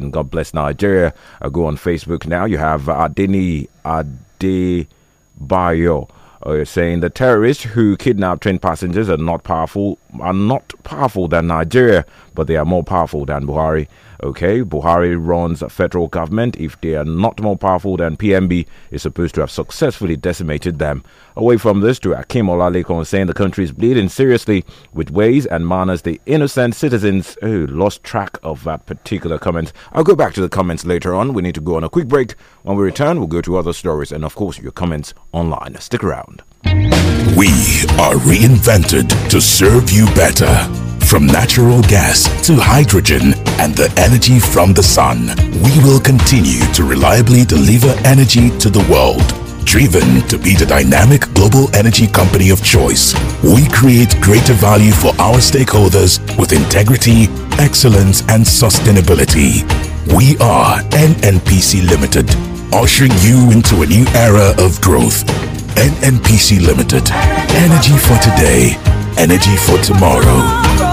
And God Bless Nigeria. Uh, go on Facebook now. You have Adini Adebayo. Uh, saying the terrorists who kidnapped train passengers are not powerful are not powerful than Nigeria but they are more powerful than Buhari. Okay, Buhari runs a federal government. If they are not more powerful than PMB, is supposed to have successfully decimated them. Away from this, to Akim Olalekan saying the country is bleeding seriously with ways and manners the innocent citizens who oh, lost track of that particular comment. I'll go back to the comments later on. We need to go on a quick break. When we return, we'll go to other stories and, of course, your comments online. Stick around. We are reinvented to serve you better. From natural gas to hydrogen and the energy from the sun, we will continue to reliably deliver energy to the world. Driven to be the dynamic global energy company of choice, we create greater value for our stakeholders with integrity, excellence and sustainability. We are NNPC Limited, ushering you into a new era of growth. NNPC Limited, energy for today, energy for tomorrow.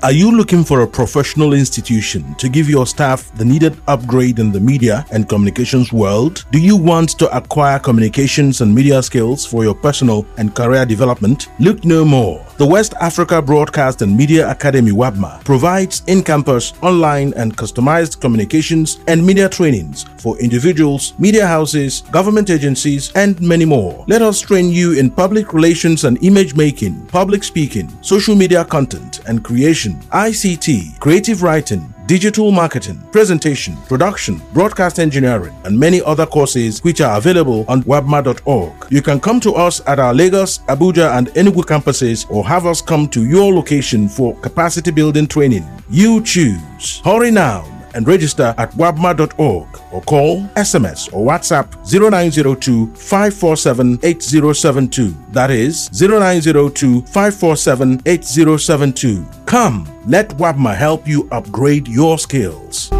Are you looking for a professional institution to give your staff the needed upgrade in the media and communications world? Do you want to acquire communications and media skills for your personal and career development? Look no more. The West Africa Broadcast and Media Academy WABMA provides in campus, online, and customized communications and media trainings for individuals, media houses, government agencies, and many more. Let us train you in public relations and image making, public speaking, social media content, and creation ICT, creative writing, digital marketing, presentation, production, broadcast engineering, and many other courses which are available on wabma.org. You can come to us at our Lagos, Abuja, and Enugu campuses or have us come to your location for capacity building training. You choose. Hurry now and register at wabma.org or call, SMS, or WhatsApp 0902 547 8072. That is 0902 547 8072. Come, let Wabma help you upgrade your skills.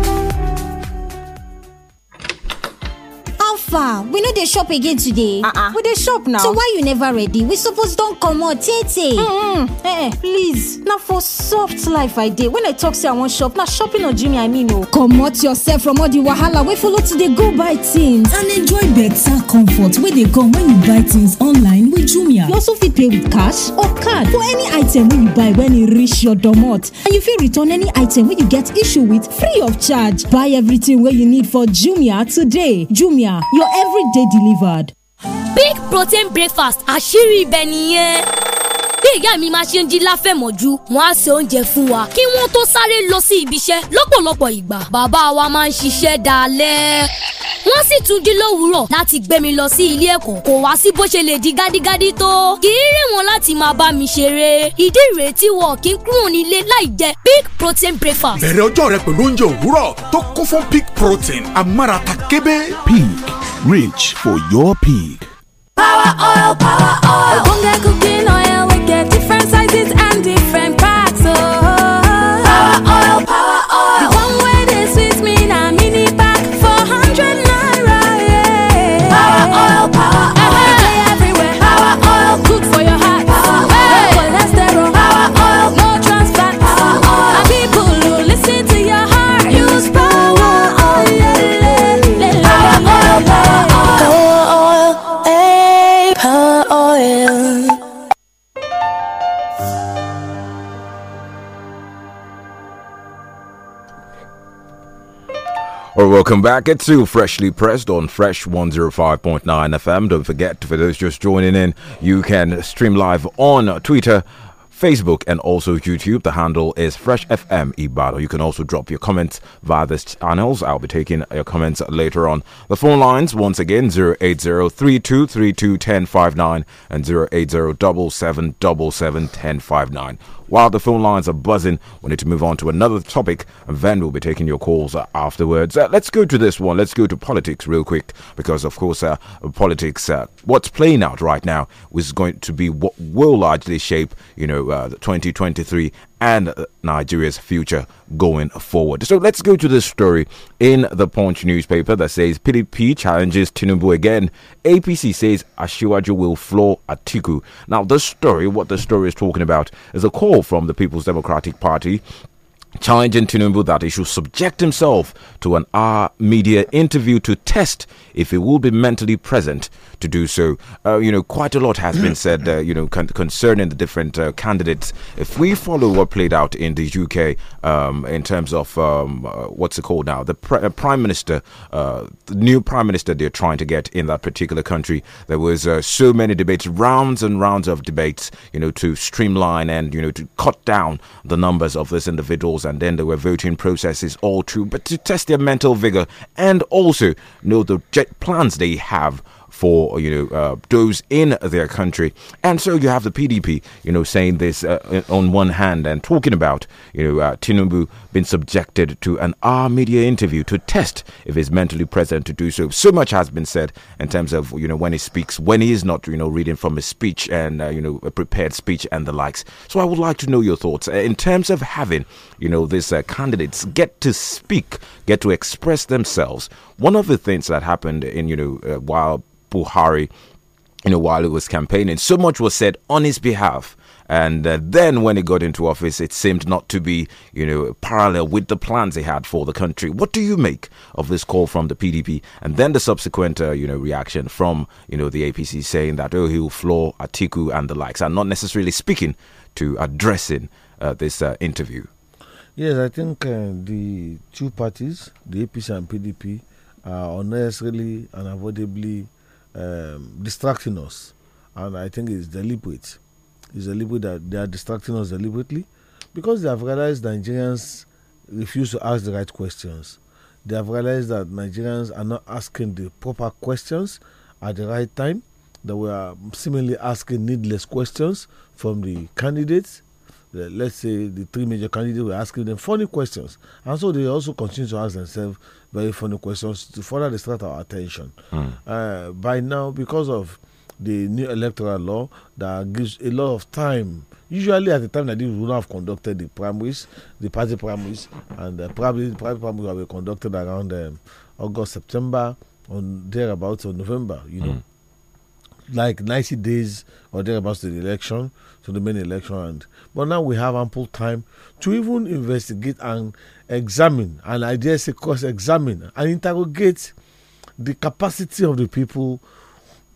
far we know they shop again today uh-uh. we they shop now so why you never ready we suppose don comot tey tey eh, eh please Now for soft life i dey when i talk say i wan shop now shopping on ojimi i mean No, oh. come comot yourself from all the wahala we follow today. go buy things and enjoy better comfort wey dey come when you buy things online with jumia you also fit pay with cash or card for any item when you buy when you e reach your domot and you feel return any item when you get issue with free of charge buy everything wey you need for jumia today jumia your everyday delivered. big protein breakfast àṣírí ibẹ̀ nìyẹn bí ìyá mi máa ṣe ń jí láfẹ̀mọ́jú wọ́n á se oúnjẹ fún wa kí wọ́n tó sáré lọ sí ibiṣẹ́ lọ́pọ̀lọpọ̀ ìgbà bàbá wa máa ń ṣiṣẹ́ dalẹ́ wọ́n sì tún dín lówùúrọ̀ láti gbé mi lọ sí ilé ẹ̀kọ́ kò wá sí bó ṣe lè di gádígádí tó kì í rè wọ́n láti máa bá mi ṣeré ìdí ìrètí wọ̀ kí n kúrò nílé láì jẹ big protein breakfast. bẹ̀rẹ̀ ọjọ́ rẹ pẹ̀lú oúnjẹ òwúrọ̀ tó kún fún big protein amárata kébé. pink Reach for your peak. Power oil, power oil. Well, welcome back. It's you, freshly pressed on Fresh 105.9 FM. Don't forget, for those just joining in, you can stream live on Twitter. Facebook and also YouTube. The handle is Fresh FM Ibado. You can also drop your comments via these channels. I'll be taking your comments later on. The phone lines, once again, oh oh three two ten five nine and double seven ten five nine while the phone lines are buzzing, we need to move on to another topic, and then we'll be taking your calls uh, afterwards. Uh, let's go to this one. Let's go to politics real quick, because of course, uh, politics, uh, what's playing out right now, is going to be what will largely shape, you know, uh, the 2023 and uh, Nigeria's future going forward. So let's go to this story in the Punch newspaper that says PDP challenges Tinubu again. APC says Ashiwaju will floor Atiku. Now, this story, what the story is talking about, is a call from the People's Democratic Party challenging Tinubu that he should subject himself to an R media interview to test if he will be mentally present to do so. Uh, you know, quite a lot has been said, uh, you know, con concerning the different uh, candidates. If we follow what played out in the UK um, in terms of um, uh, what's it called now, the pr uh, prime minister, uh, the new prime minister they're trying to get in that particular country, there was so many debates, rounds and rounds of debates, you know, to streamline and you know to cut down the numbers of this individual polls, and then there were voting processes all through, but to test their mental vigor and also know the plans they have for you know uh, those in their country. And so you have the PDP, you know, saying this uh, on one hand and talking about you know uh, Tinubu being subjected to an R media interview to test if he's mentally present to do so. So much has been said in terms of you know when he speaks, when he is not you know reading from a speech and uh, you know a prepared speech and the likes. So I would like to know your thoughts uh, in terms of having you know these uh, candidates get to speak, get to express themselves. One of the things that happened in you know while Buhari, you know, while he was campaigning. So much was said on his behalf. And uh, then when he got into office, it seemed not to be, you know, parallel with the plans he had for the country. What do you make of this call from the PDP and then the subsequent, uh, you know, reaction from, you know, the APC saying that, oh, he will floor Atiku and the likes and not necessarily speaking to addressing uh, this uh, interview? Yes, I think uh, the two parties, the APC and PDP, are unnecessarily and avoidably um, distracting us, and I think it's deliberate. It's deliberate that they are distracting us deliberately because they have realized Nigerians refuse to ask the right questions. They have realized that Nigerians are not asking the proper questions at the right time. That we are seemingly asking needless questions from the candidates the, let's say the three major candidates were asking them funny questions and so they also continue to ask themselves very funny questions to further distract our attention mm. uh, by now because of the new electoral law that gives a lot of time usually at the time that they would have conducted the primaries the party primaries and uh, probably the private primaries were conducted around um, august september on thereabouts or november you know hmm like 90 days or thereabouts to the election, to the main election. And, but now we have ample time to even investigate and examine, and I dare say, cross examine and interrogate the capacity of the people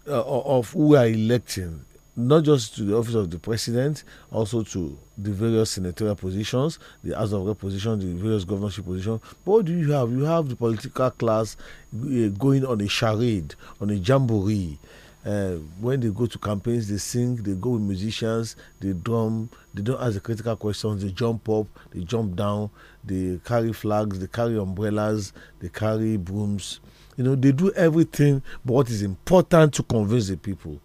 uh, of who are electing, not just to the office of the president, also to the various senatorial positions, the House of Rep position, the various governorship positions. But what do you have? You have the political class uh, going on a charade, on a jamboree uh, when they go to campaigns, they sing, they go with musicians, they drum, they don't ask the critical questions, they jump up, they jump down, they carry flags, they carry umbrellas, they carry brooms. You know, they do everything but what is important to convince the people.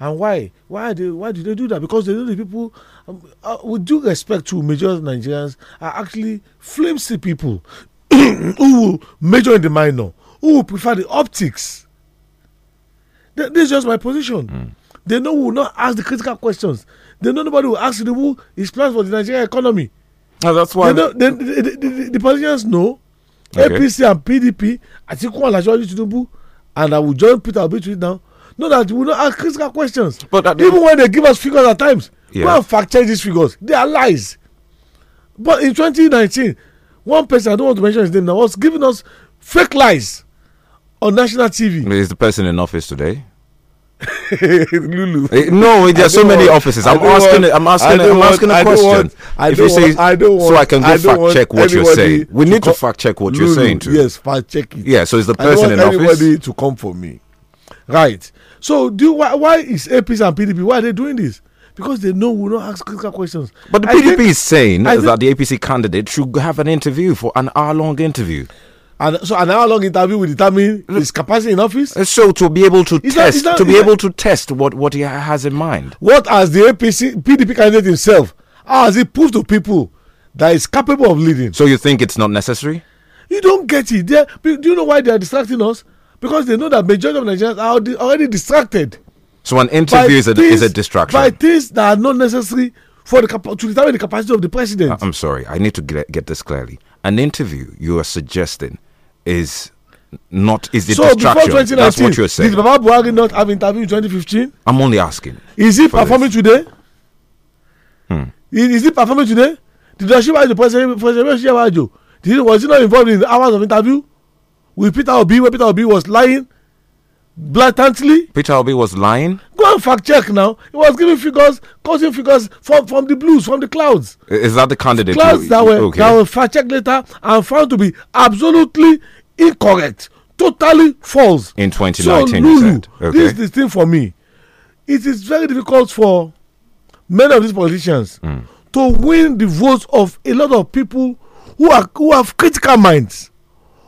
And why? Why they? Why do they do that? Because they know the people, um, uh, with due respect to major Nigerians, are actually flimsy people who will major in the minor, who will prefer the optics Th- this is just my position. Mm. They know who will not ask the critical questions. They know nobody will ask the who is plans for the Nigerian economy. Oh, that's why they know, they, they, the, the, the politicians know. Okay. APC and PDP, I think one has do Tinubu, and I will join Peter Obi to it now. Know that we will not ask critical questions. But even when they give us figures at times, yeah. go and fact check these figures. They are lies. But in 2019, one person I don't want to mention his name now was giving us fake lies on national TV. Is the person in office today? Lulu. Eh, no, there are so many offices. I'm asking. Want, I'm asking. I'm asking want, a question. I if you say, I don't want, so I can go I fact check what you're saying. We need to, to fact check what Lulu, you're saying too. Yes, fact check it. Yeah. So it's the person in anybody office. to come for me, right? So do why, why is APC and PDP? Why are they doing this? because they know we don't ask critical questions. But the PDP think, is saying think, that the APC candidate should have an interview for an hour long interview. And so an hour long interview will determine his capacity in office. So to be able to is test, that, that, to be that, able to test what, what he has in mind. What has the APC PDP candidate himself? How has he proved to people that he's capable of leading? So you think it's not necessary? You don't get it. They're, do you know why they are distracting us? Because they know that majority of Nigerians are already distracted. So an interview is a, things, is a distraction. By things that are not necessary for the to determine the capacity of the president. I'm sorry, I need to get, get this clearly. An interview you are suggesting is not is the so distraction. Before 2019, That's what you're saying. Did Baba Buhari not have interview in 2015? I'm only asking. Is he performing this. today? Hmm. Is, is he performing today? Did the President Oshibajo, was he not involved in the hours of interview with Peter Obi where Peter Obi was lying blatantly. Peter Obi was lying. Go and fact check now. He was giving figures, causing figures from, from the blues, from the clouds. Is that the candidate? Clouds too? that were, okay. that were fact checked later and found to be absolutely incorrect, totally false. In 2019, so, Lulu, okay. this is the thing for me. It is very difficult for many of these politicians mm. to win the votes of a lot of people who are who have critical minds,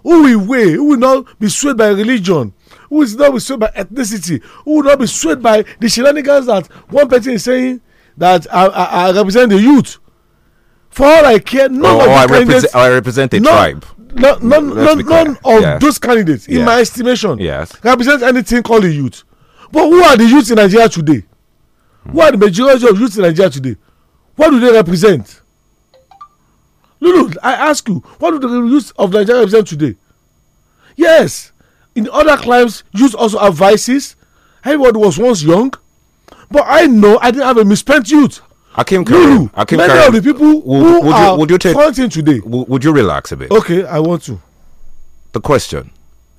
who will weigh, who will not be swayed by religion, who is not be swayed by ethnicity, who will not be swayed by the shenanigans that one person is saying that I, I, I represent the youth. For all I care, none oh, of the oh, I candidates. Represent, I represent a none, tribe. None, none, none, none of those candidates, in my estimation, yes. represent anything called the youth. But who are the youth in Nigeria today? What hmm. Who are the majority of youth in Nigeria today? What do they represent? Lulu, I ask you, what do the youth of Nigeria represent today? Yes, in other climes, youth also have vices. Everybody was once young. But I know I didn't have a misspent youth. Akim came Akim many Karim, of the people would, who would are you, would you take, fronting today. Would, would you relax a bit? Okay, I want to. The question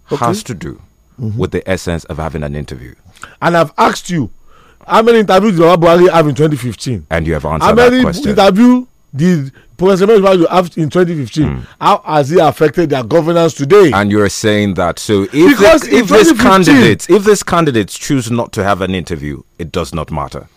okay. has to do mm -hmm. with the essence of having an interview. And I've asked you, how many interviews did Buhari have in 2015? And you have answered how many that question. The Professor you have in 2015? Mm. How has it affected their governance today? And you're saying that so if because the, if this candidates if this candidates choose not to have an interview, it does not matter.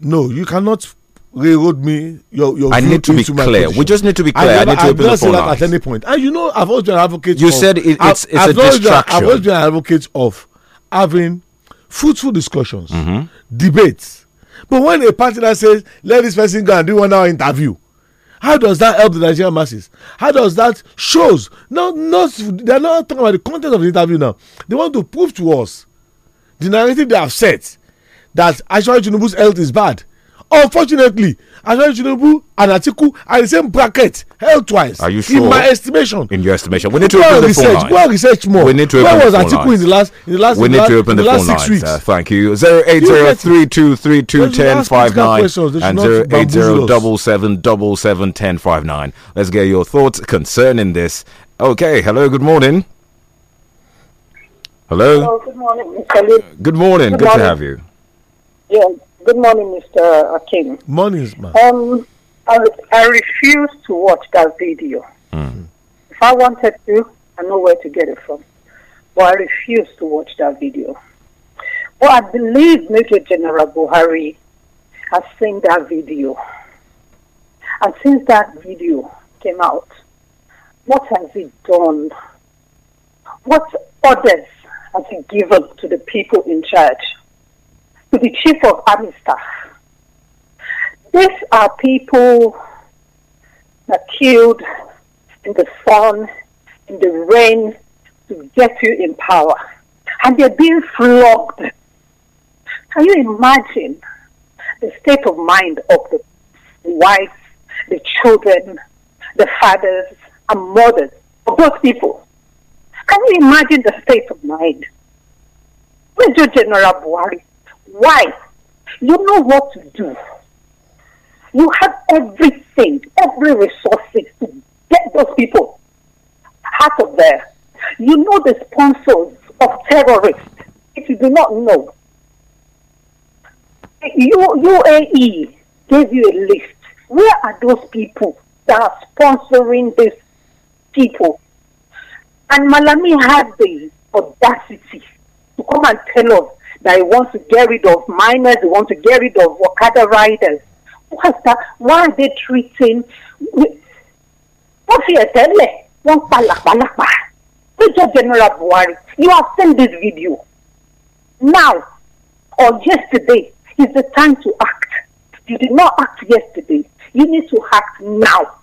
No, you cannot railroad me. Your, your I need to be clear. Position. We just need to be clear. I, never, I need to be say that at any And you know, I've always been an advocate. You of, said it, it's, it's I've, distraction. I've always been an advocate of having fruitful discussions, mm -hmm. debates but when a party that says, let this person go and do one hour interview, how does that help the Nigerian masses? How does that shows? No, not they're not talking about the content of the interview now. They want to prove to us the narrative they have set that actually Tinubu's health is bad unfortunately aṣọ́jú tinubu and atiku are the same bracket held twice. are you sure in my estimation. in your estimation we need to open the research, phone line go research more we need to open where was atiku in the last in the last we need last, to open the, the phone lines uh, thank you zero eight zero three two three two ten five nine and zero eight zero double seven double seven ten five nine let's get your thoughts concerning this okay hello good morning. Hello. Hello. Oh, good morning. Good morning. Good, good morning. to have you. Yeah. Good morning, Mr. King. Morning, ma'am. Um, I, I refuse to watch that video. Mm. If I wanted to, I know where to get it from. But I refuse to watch that video. But I believe Major General Buhari has seen that video. And since that video came out, what has he done? What orders has he given to the people in charge? to the chief of army staff. These are people that killed in the sun, in the rain, to get you in power. And they're being flogged. Can you imagine the state of mind of the wives, the children, the fathers, and mothers of those people? Can you imagine the state of mind? Major General Buhari why? You know what to do. You have everything, every resources to get those people out of there. You know the sponsors of terrorists. If you do not know, UAE gave you a list. Where are those people that are sponsoring these people? And Malami had the audacity to come and tell us that he wants to get rid of minors, he wants to get rid of Okada riders. What's that? Why are they treating? What you ẹ̀tẹ́ lẹ̀, Major General Buhari, you have seen this video. Now or yesterday is the time to act. You did not act yesterday. You need to act now.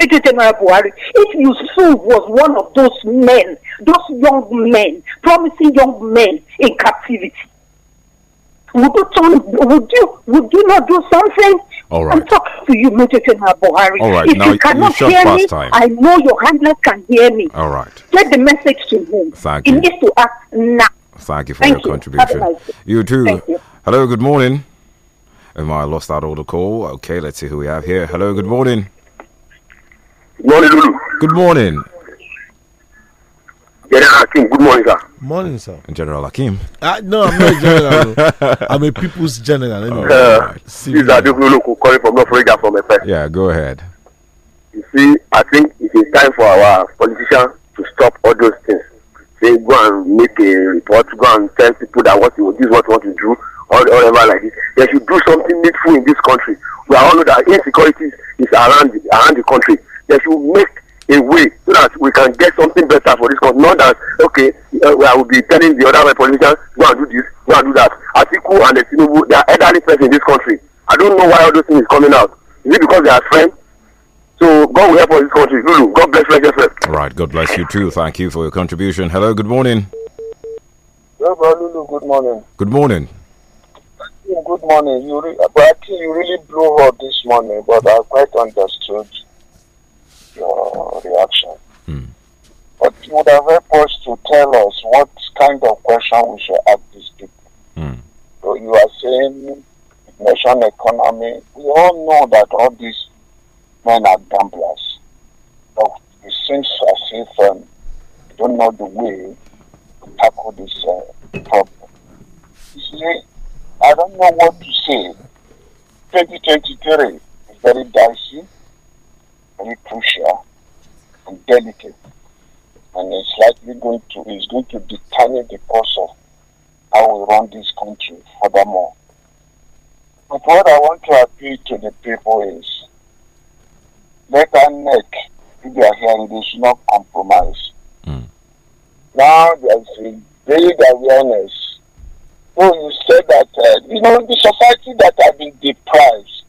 General Buhari, if Yusuf was one of those men, those young men, promising young men in captivity, would you, turn, would you, would you not do something? All right. I'm talking to you, Major General Buhari. All right. If now you cannot you hear me, time. I know your handler can hear me. All right. Get the message to him. Thank he you. He needs to act now. Thank you for Thank your you. contribution. Nice you too. You. Hello, good morning. Am I lost out all the call? Okay, let's see who we have here. Hello, good morning. Morning, Lulu. Good morning. General Hakim, good morning, sir. Morning, sir. General Hakim. Uh, no, I'm not general. I'm a people's general. Anyway. Uh, This is Aduk Lulu calling from North from FF. Yeah, go ahead. You see, I think it is time for our politicians to stop all those things. They go and make a report, go and tell people that what this is what you want to do, or whatever like this. They should do something needful in this country. We all know that insecurity is around, around the country they should make a way so that we can get something better for this country. Not that, okay, uh, I will be telling the other politicians, go and do this, go and do that. Atiku and the Tinubu, they are elderly person in this country. I don't know why all those things is coming out. Is it because they are friends? So God will help us this country. Lulu, God bless Nigeria Right, God bless you too. Thank you for your contribution. Hello, good morning. Hello, Lulu, good morning. Good morning. Good morning. You, re- you really blew up this morning, but I quite understood your reaction. Mm. But you would have helped us to tell us what kind of question we should ask these people. Mm. So you are saying nation economy. We all know that all these men are gamblers. But it seems as if um, they don't know the way to tackle this uh, problem. You see, I don't know what to say. 2023 is very dicey very crucial and delicate, and it's likely going to is going to determine the course of how we run this country. Furthermore, but what I want to appeal to the people is let our neck, if they are hearing should not compromise. Mm. Now there is a great awareness. So you said that, uh, you know, the society that have been deprived,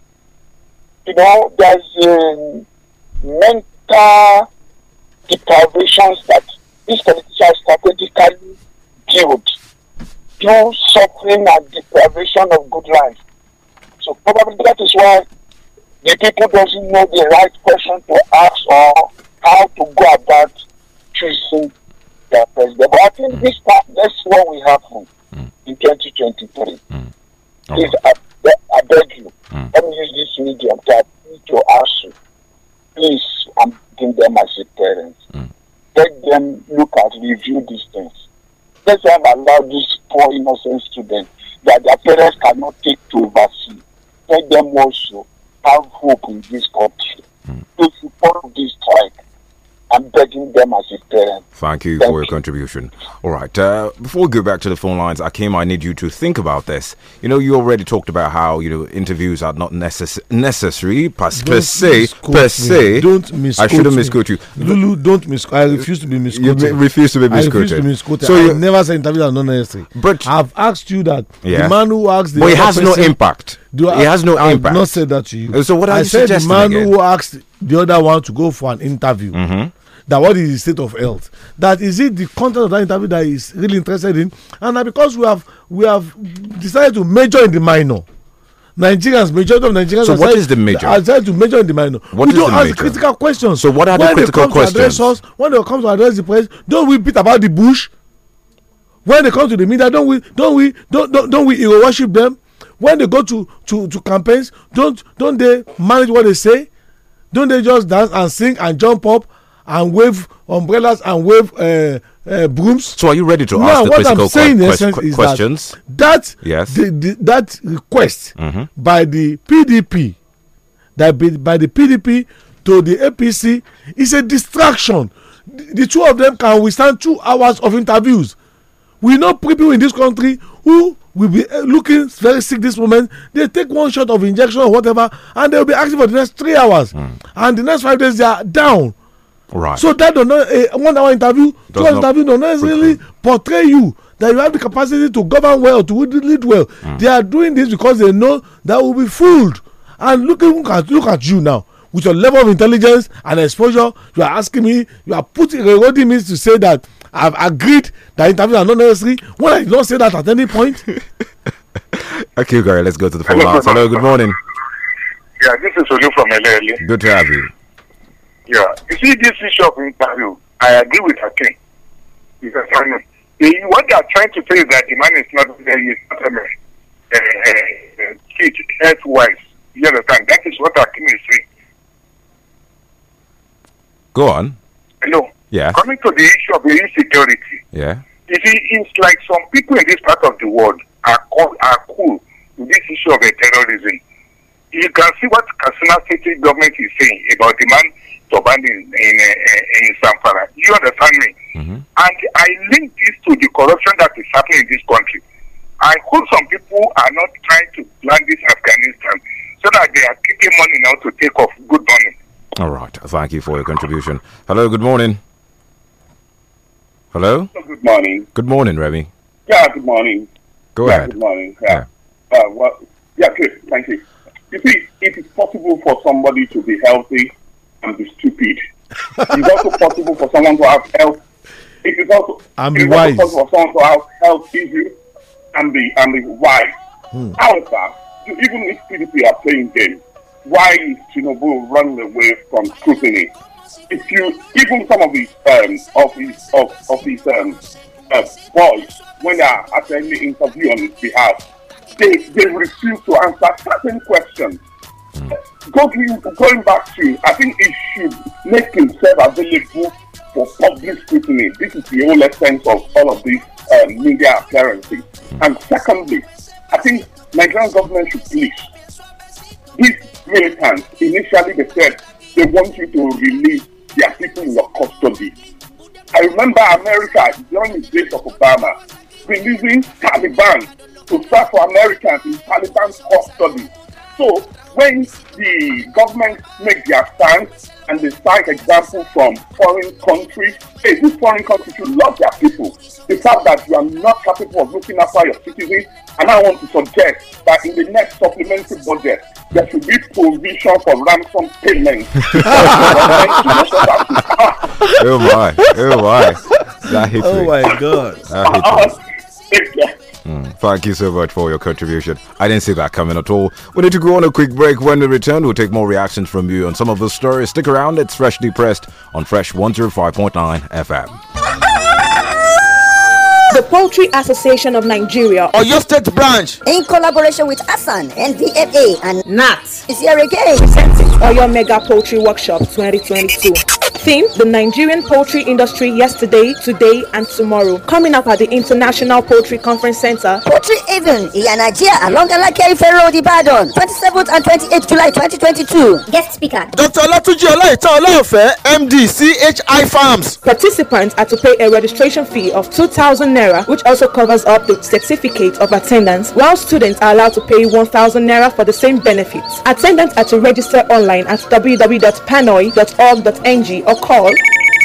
you know, there's mental deprivations that these politicians strategically build through suffering and deprivation of good life. So probably that is why the people doesn't know the right question to ask or how to go about choosing their president. But I think mm. this part, that's what we have mm. in 2023. Mm. Please, I, I, beg you, mm. let me use this medium to, to ask you please, I'm them as a parent. Mm. Let them look at review these things. Let's have allowed these poor innocent students that their parents cannot take to oversee. Let them also have hope in this country mm. to support this strike. I'm begging them as his parents. Thank you Thank for your you. contribution. All right. Uh, before we go back to the phone lines, Akim, I need you to think about this. You know, you already talked about how you know interviews are not necess- necessary per, per se. Per se, me. don't misquote. I shouldn't misquote you. Lulu, don't misquote. I refuse to be misquoted. You refuse to be misquoted. I refuse to be misquoted. So you never said interviews are not necessary. But I've asked you that. Yeah. The man who asked, But it has person, no impact. Do I, it has no impact. I've not said that to you. So what are I you said? The man again? who asked the other one to go for an interview. Mm -hmm that what is the state of health that is it the content of that interview that is really interested in and that because we have we have decided to major in the minor nigerians majority of nigerians so what is the major I decided to major in the minor what we don't ask major? critical questions so what are when the critical questions when they come to address us when they come to address the press don't we beat about the bush when they come to the media don't we don't we don't don't, don't we worship them when they go to to to campaigns don't don't they manage what they say don't they just dance and sing and jump up and wave umbrellas and wave uh, uh, brooms. So are you ready to now, ask the what I'm saying qu questions? That, that yes, the, the, that request mm -hmm. by the PDP, that be, by the PDP to the APC is a distraction. The, the two of them can withstand two hours of interviews. We know people in this country who will be uh, looking very sick this moment. They take one shot of injection or whatever, and they will be active for the next three hours, mm. and the next five days they are down Right. So that don't know, a eh, one hour interview, Does two hour interview don't necessarily portray you that you have the capacity to govern well, to lead well. Mm. They are doing this because they know that will be fooled. And look, look at look at you now with your level of intelligence and exposure you are asking me you are putting rewarding me to say that i have agreed that interviews are not necessary when i did not say that at any point. okay gary let's go to the phone hello good morning. yeah this is olu from elele. good to have you. Yeah. You see, this issue of interview, I agree with Akin. Because I mean, what they are trying to say is that the man is not, uh, is not um, uh, uh, kid health wise. You understand? That is what Akin is saying. Go on. Hello. Yeah. Coming to the issue of the insecurity. Yeah. You see, it's like some people in this part of the world are, called, are cool with this issue of terrorism you can see what Kasuna City government is saying about the man to abandon in, in, eh, in You understand me? Mm -hmm. And I link this to the corruption that is happening in this country. I hope some people are not trying to land this Afghanistan so that they are keeping money now to take off. Good money. All right. Thank you for your contribution. Hello. Good morning. Hello. Good morning. Good morning, Remy. Yeah. Good morning. Go yeah, ahead. Good morning. Yeah. yeah. Uh, well, yeah. Good. Thank you. You see, it is possible for somebody to be healthy and be stupid. it's also possible for someone to have health. It is also, and it is wise. also possible for someone to have health issues and be and be wise. Hmm. However, even if PDP are playing games, why is Tinubu running away from scrutiny? If you even some of his um, of his of, of his um, uh, boys when they are attending interview on his behalf, they refuse to answer certain questions. Going, going back to, I think it should make himself available for public scrutiny. This is the whole essence of all of these uh, media appearances. And secondly, I think Nigerian government should please. These militants, initially they said they want you to release their people in your custody. I remember America during the days of Obama releasing Taliban to for Americans in Taliban custody. So when the government make their stance and they cite example from foreign countries, hey, this foreign country should love their people. The fact that you are not capable of looking after your citizens, and I want to suggest that in the next supplementary budget, there should be provision for ransom payment. oh my, oh my. That hit oh me. Oh my god. That hit me. Mm, thank you so much for your contribution. I didn't see that coming at all. We need to go on a quick break. When we return, we'll take more reactions from you on some of the stories. Stick around, it's freshly pressed on Fresh 105.9 FM the Poultry Association of Nigeria, or your state branch, in collaboration with ASAN, NDFA, and NAT, is here again presenting your Mega Poultry Workshop 2022. Theme The Nigerian Poultry Industry Yesterday, Today, and Tomorrow. Coming up at the International Poultry Conference Center. Poultry Even, Nigeria along the Alakari Ferro, Ibadan, 27th and 28th July 2022. Guest speaker Dr. Olatunji Olaita Olaofe, MD, CHI Farms. Participants are to pay a registration fee of 2,000 naira naira, which also covers up the certificate of attendance, while students are allowed to pay 1000 naira for the same benefits. Attendants are to register online at www.panoy.org.ng or call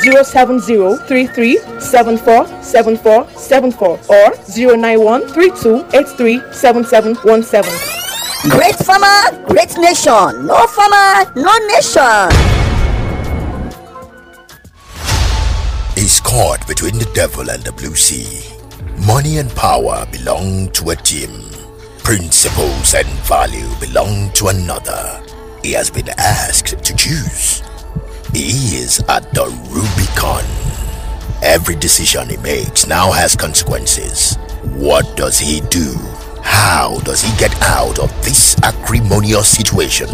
07033747474 or 09132837717. Great farmer, great nation. No farmer, no nation. is caught between the devil and the blue sea. Money and power belong to a team. Principles and value belong to another. He has been asked to choose. He is at the Rubicon. Every decision he makes now has consequences. What does he do? How does he get out of this acrimonious situation?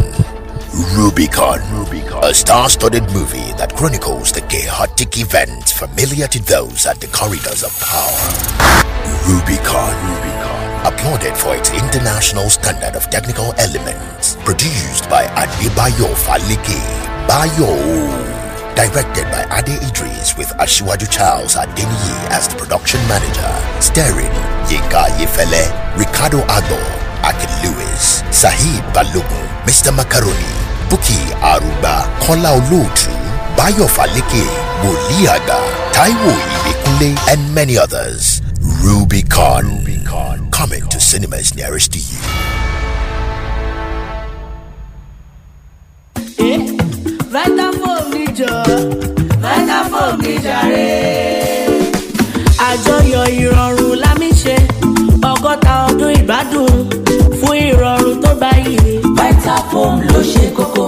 Rubicon, Rubicon, a star-studded movie that chronicles the chaotic events familiar to those at the corridors of power. Rubicon, Rubicon, applauded for its international standard of technical elements, produced by Adebayo Faliki, Bayo, directed by Ade Idris with Ashiwaju Charles Adeniyi as the production manager, starring Yinka Yefele, Ricardo Ador, Akin Lewis, Sahib Balogun, Mr. Macaroni, Buki Aruba, Kola Olutu, Bayo Falike, Woli Taiwo Ibikule, and many others. Rubicon, Rubicon. coming to cinemas nearest to you. Eh? Right for me, Joe. Right for me, Jared. fún ìrọ̀rùn tó báyìí. Vitafoam ló ṣe kókó.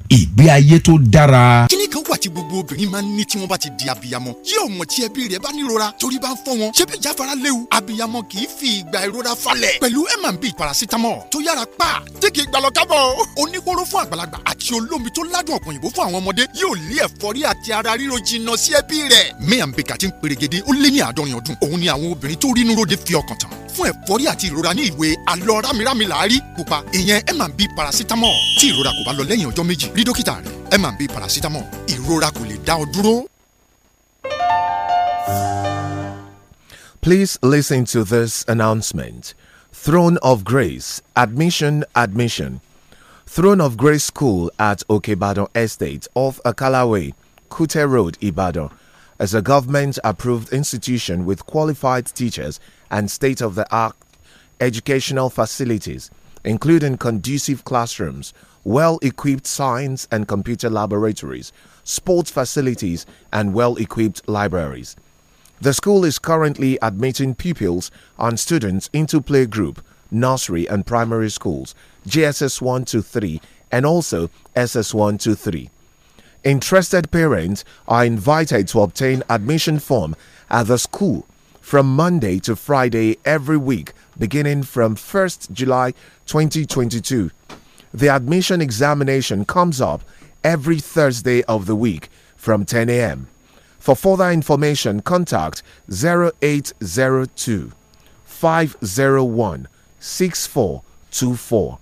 ìgbé ayé tó dára. kíní kan wà tí gbogbo obìnrin máa ń ní tí wọ́n bá ti di abiyamọ yí ọmọ tí ẹbí rẹ̀ bá nírora torí bá ń fọ́ wọn ṣé bí jáfara léwu abiyamọ kì í fi ìgbà ìrora falẹ̀ pẹ̀lú M&B paracetamol tó yára pa tí kì í gbalọ̀ kábọ̀ oníkóró fún àgbàlagbà àti olómi tó ládùn ọ̀pọ̀ òyìnbó fún àwọn ọmọdé yóò lé ẹ̀fọ́rí àti ara ríro jìnnà sí ẹbí rẹ̀ M&B kàti ń perégedé ó lé ní àádọ́rin ọdún òun fún ẹ̀fọ́rí àti ìrora ní ìwé alọ́ rámírámí làárí pupa iyen paracetamol tí ìrora kò bá lọ lẹ́yìn ọjọ́ méjì rí paracetamol ìrora kò lè dá ọ dúró. Please listen to this announcement. Throne of Grace, admission, admission. Throne of Grace School at Okebado Estate off Akalawe, Kute Road, Ibadan, is a government approved institution with qualified teachers and state of the art educational facilities, including conducive classrooms, well equipped science and computer laboratories, sports facilities, and well equipped libraries. The school is currently admitting pupils and students into playgroup, nursery and primary schools, JSS 1 to 3, and also SS 1 to 3. Interested parents are invited to obtain admission form at the school from Monday to Friday every week, beginning from 1st July 2022. The admission examination comes up every Thursday of the week from 10 a.m. For further information, contact 0802 501 6424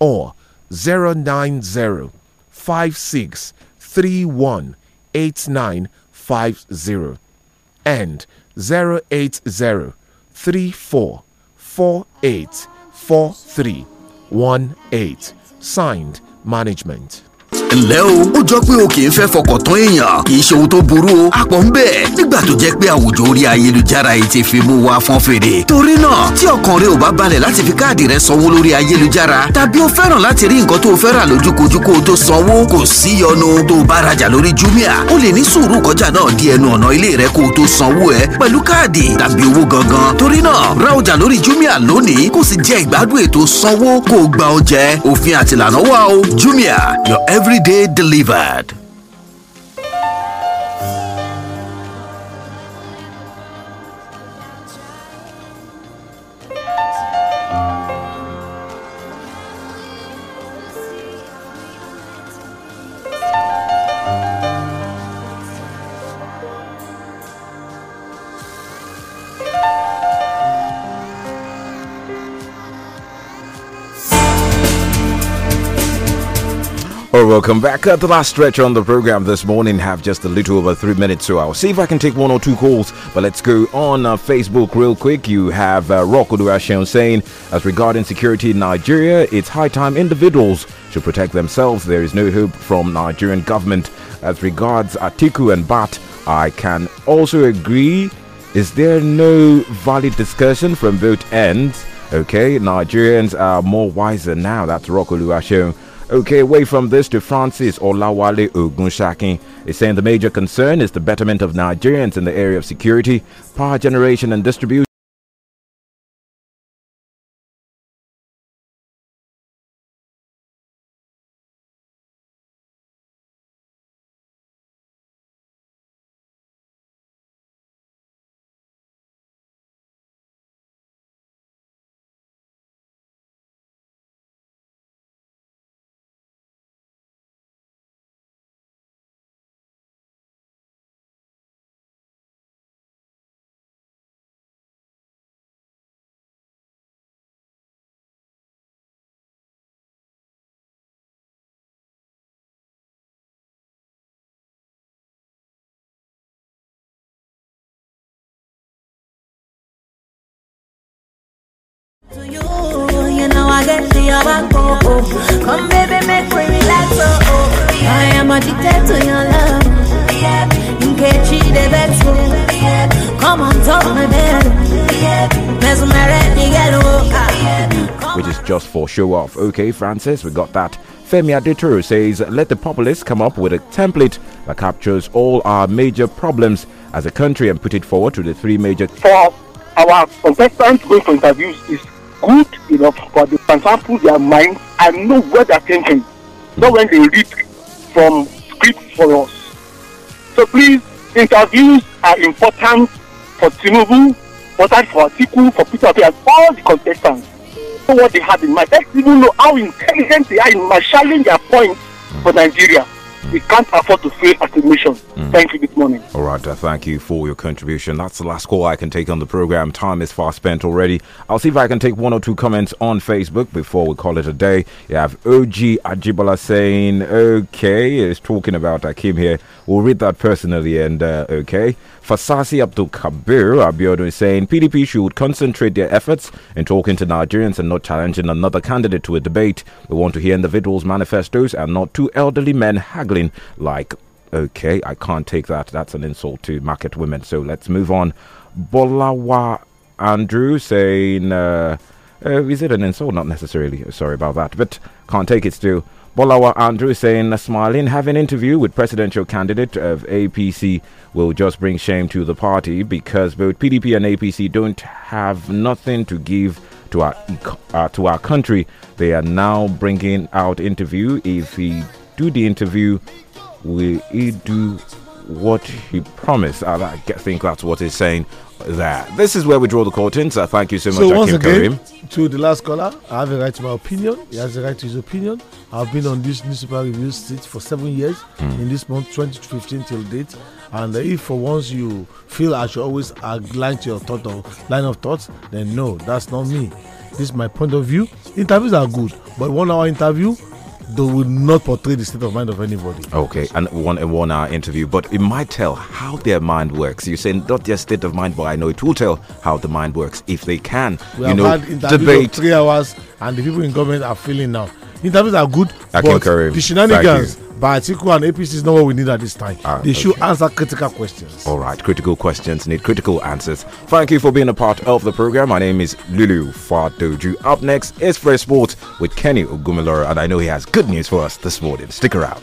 or 090 5631 8950 and Zero eight zero, three four four eight four three one eight. Signed, Management. ǹlẹ́ o ó jọ pé o kì í fẹ́ fọkàn tán èèyàn kì í ṣe ohun tó burú o àpọ̀ ń bẹ̀ nígbà tó jẹ́ pé àwùjọ orí ayélujára yìí ti fi mú wa fọ́n fèrè torí náà tí ọkàn rẹ ò bá balẹ̀ láti fi káàdì rẹ sanwó lórí ayélujára tàbí o fẹ́ràn láti rí nǹkan tó o fẹ́ lójúkojú kó o tó sanwó kò sí yọnu tó o bá rajà lórí Jumia o lè ní sùúrù kọjá náà di ẹnu ọ̀nà ilé rẹ kó o tó sanwó ẹ pẹ̀lú káàdì tàbí owó gangan torí náà ra ọjà lórí Jumia lónìí kó sì jẹ́ ìgbádùn ètò sanwó kó o gba ọjà òfin àtìlànà wà o Jumia your every every day delivered. Or oh, welcome back. Uh, the last stretch on the program this morning have just a little over three minutes, so I'll see if I can take one or two calls. But let's go on uh, Facebook real quick. You have uh, Rock Oluwaseun saying, as regarding security in Nigeria, it's high time individuals should protect themselves. There is no hope from Nigerian government. As regards Atiku and Bat, I can also agree. Is there no valid discussion from both ends? Okay, Nigerians are more wiser now. That's Rock Oluwaseun Okay, away from this to Francis Olawale Ogunshakin he's saying the major concern is the betterment of Nigerians in the area of security, power generation and distribution. for your love. Come on top my bed. Which is just for show off. Okay, Francis, we got that. Femi Adetoro says, Let the populists come up with a template that captures all our major problems as a country and put it forward to the three major. For our contestants going for interviews is good enough for the sample their minds and know what they're thinking. So when they read from for us. So please, interviews are important for Tinubu, important for Atiku, for Peter Obi, and all the contestants. So what they have in mind. Let's even know how intelligent they are in marshalling their points for Nigeria we can't afford to fail as a nation. Mm. Thank you this morning. All right, uh, thank you for your contribution. That's the last call I can take on the program. Time is far spent already. I'll see if I can take one or two comments on Facebook before we call it a day. You have OG Ajibala saying, okay, is talking about Akim here. We'll read that personally and uh, okay. Fasasi Abdul Kabir Abiodun saying PDP should concentrate their efforts in talking to Nigerians and not challenging another candidate to a debate. We want to hear individuals' manifestos and not two elderly men haggling like, okay, I can't take that. That's an insult to market women. So let's move on. Bolawa Andrew saying, uh, uh, is it an insult? Not necessarily. Sorry about that, but can't take it still. Bolawa Andrew saying, smiling, having interview with presidential candidate of APC will just bring shame to the party because both PDP and APC don't have nothing to give to our uh, to our country. They are now bringing out interview. If he do the interview, will he do what he promised? I think that's what he's saying that. This is where we draw the curtains. Uh, thank you so much, so Akim once again, Karim. To the last caller, I have a right to my opinion. He has a right to his opinion. I've been on this municipal review seat for seven years mm. in this month, 2015 till date. And uh, if for once you feel I should always align to your thought or line of thoughts, then no, that's not me. This is my point of view. Interviews are good, but one hour interview they will not portray the state of mind of anybody. Okay, and one one hour interview, but it might tell how their mind works. You're saying not their state of mind, but I know it will tell how the mind works if they can. We you know, debate three hours, and the people in government are feeling now interviews are good, I but the shenanigans by Atiku and APC is not what we need at this time. Ah, they okay. should answer critical questions. All right, critical questions need critical answers. Thank you for being a part of the program. My name is Lulu Fadoju. Up next is Fresh Sports with Kenny Ogumiloro, and I know he has good news for us this morning. Stick around.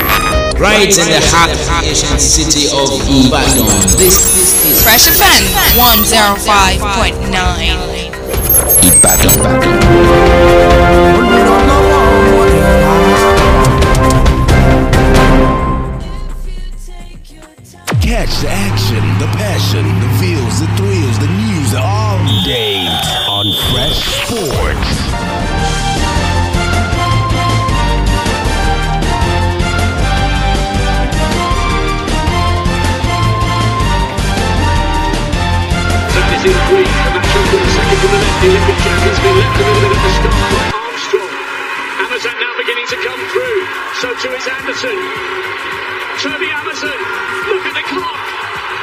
right in the heart of the Asian city of Ibadan. This is Fresh Offense 105.9 Ibadan. Catch the action, the passion, the feels, the thrills, the news all day on Fresh Sports. in And second to the left. The Olympic left a little bit Armstrong. now beginning to come through. So too is Anderson. look at the clock.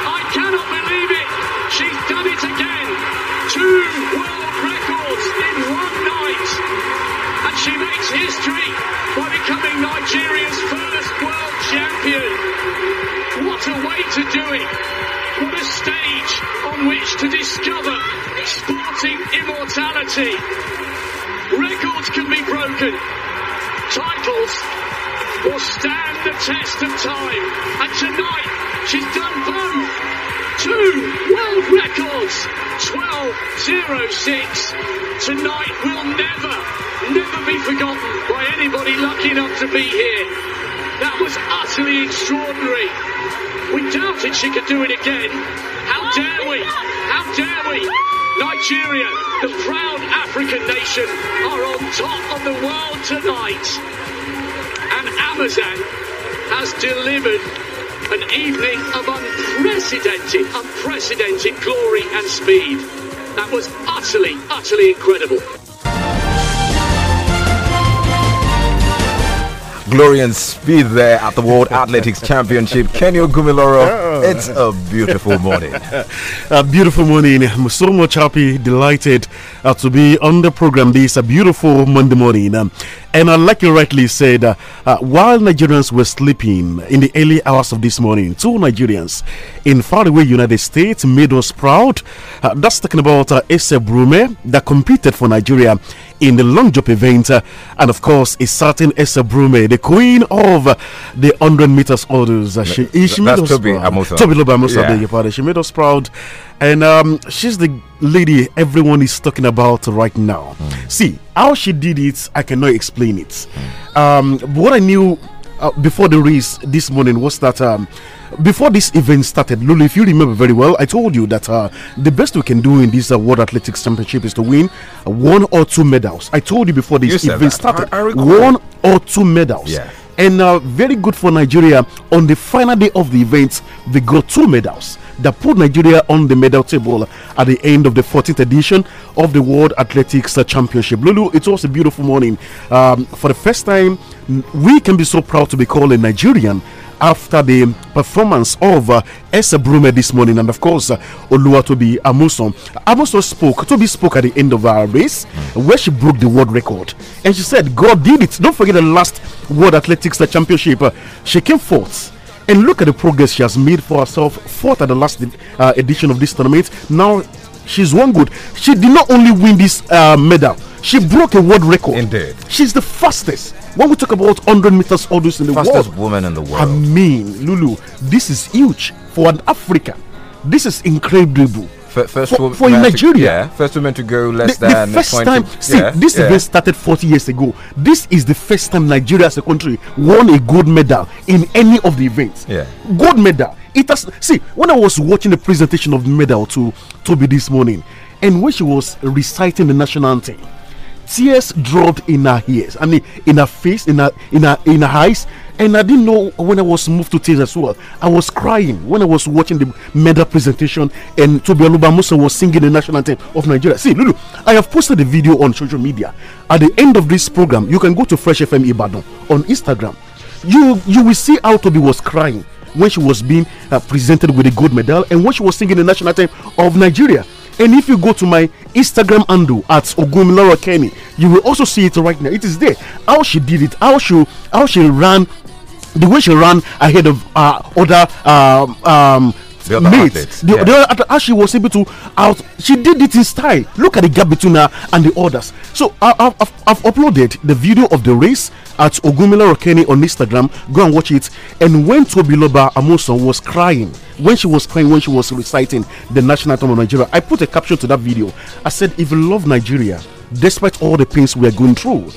I cannot believe it. She's done it again. Two world records in one night. And she makes history by becoming Nigeria's first world champion. What a way to do it to discover sporting immortality. Records can be broken. Titles will stand the test of time. And tonight, she's done both. Two world records. 12.06. Tonight will never, never be forgotten by anybody lucky enough to be here. That was utterly extraordinary. We doubted she could do it again. How dare we? How dare we? Nigeria, the proud African nation, are on top of the world tonight. And Amazon has delivered an evening of unprecedented, unprecedented glory and speed. That was utterly, utterly incredible. glory and speed there at the World Athletics Championship. Kenyo Gumiloro, it's a beautiful morning. a beautiful morning. I'm so much happy, delighted uh, to be on the program. This a beautiful Monday morning. Um, and uh, like you rightly said, uh, uh, while Nigerians were sleeping in the early hours of this morning, two Nigerians in faraway United States made us proud. Uh, that's talking about uh, Ese Brume that competed for Nigeria in the long jump event. Uh, and of course, a certain Esa Brume, the queen of the 100 meters orders. Uh, she, she made us Toby proud. Amoto. Toby yeah. she made us proud. And um, she's the lady everyone is talking about right now. Mm. See, how she did it, I cannot explain it. Mm. Um, what I knew uh, before the race this morning was that um, before this event started, Lulu, if you remember very well, I told you that uh, the best we can do in this uh, World Athletics Championship is to win one or two medals. I told you before this you event started, I, I one or two medals. Yeah. And uh, very good for Nigeria. On the final day of the event, they got two medals that put Nigeria on the medal table at the end of the 14th edition of the World Athletics uh, Championship. Lulu, it was a beautiful morning. Um, for the first time, we can be so proud to be called a Nigerian after the performance of uh, Esa Brume this morning, and of course, uh, Oluwatobi Amuson. Amuson spoke, Toby spoke at the end of our race, where she broke the world record. And she said, God did it. Don't forget the last World Athletics Championship. Uh, she came fourth. And look at the progress she has made for herself, fourth at the last uh, edition of this tournament. Now she's one good. She did not only win this uh, medal, she broke a world record. Indeed. She's the fastest. When we talk about 100 meters hurdles in the fastest world. Fastest woman in the world. I mean, Lulu, this is huge for an Africa. This is incredible. first for, for Nigeria, to, yeah, first woman to go less the, than the first 20, time. See, yeah, this yeah. event started 40 years ago. This is the first time Nigeria as a country won a gold medal in any of the events. Yeah, gold medal. It has. See, when I was watching the presentation of the medal to Toby this morning, and when she was reciting the national anthem tears dropped in her ears. I mean, in her face, in her in her in her eyes. And I didn't know when I was moved to tears as well. I was crying when I was watching the medal presentation, and Tobi Alubamusa was singing the national anthem of Nigeria. See, Lulu, I have posted a video on social media. At the end of this program, you can go to Fresh FM Ibadan on Instagram. You you will see how Tobi was crying when she was being uh, presented with a gold medal and when she was singing the national anthem of Nigeria. And if you go to my Instagram handle at Ogumiloro Kenny, you will also see it right now. It is there. How she did it, how she how she ran the way she ran ahead of uh, other um, um, the other mate. Athletes. The, yeah. the other, she was able to out, she did it in style. Look at the gap between her and the others. So I, have I've uploaded the video of the race at Ogumila Rokeni on Instagram. Go and watch it. And when Tobiloba Amoson was crying, when she was crying, when she was reciting the national anthem of Nigeria, I put a caption to that video. I said, "If you love Nigeria, despite all the pains we are going through."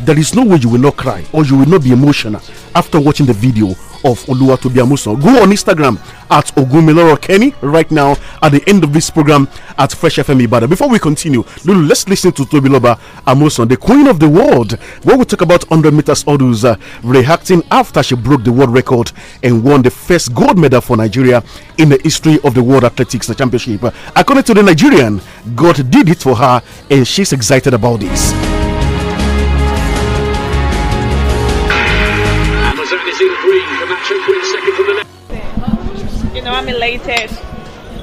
There is no way you will not cry or you will not be emotional after watching the video of Oluwatobi Amusan. Go on Instagram at Ogumiloro Kenny right now at the end of this program at Fresh FM Ibada. Before we continue, Lulu, let's listen to Tobiloba Amusan, the queen of the world, When we talk about 100 meters hurdles, uh, reacting after she broke the world record and won the first gold medal for Nigeria in the history of the World Athletics Championship. According to the Nigerian, God did it for her and she's excited about this. You know, I'm elated.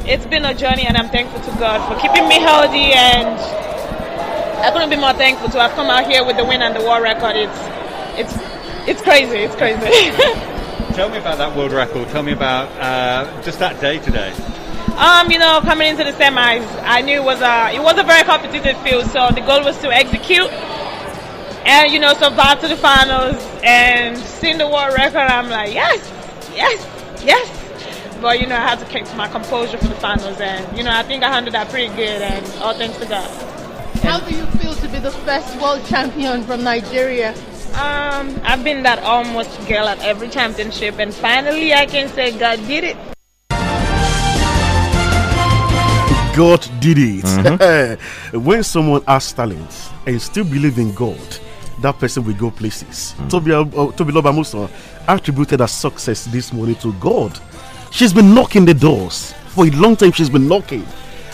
It's been a journey, and I'm thankful to God for keeping me healthy. And I couldn't be more thankful to have come out here with the win and the world record. It's it's it's crazy. It's crazy. Tell me about that world record. Tell me about uh, just that day today. Um, you know, coming into the semis, I knew it was a it was a very competitive field. So the goal was to execute and you know survive to the finals and seeing the world record. I'm like, yes, yes, yes. But you know, I had to keep my composure for the finals, and you know, I think I handled that pretty good, and all thanks to God. How do you feel to be the first world champion from Nigeria? Um, I've been that almost girl at every championship, and finally, I can say God did it. God did it. Mm -hmm. when someone has talent and still believe in God, that person will go places. Toby, Toby, uh, Toby attributed her success this morning to God. She's been knocking the doors for a long time. She's been knocking.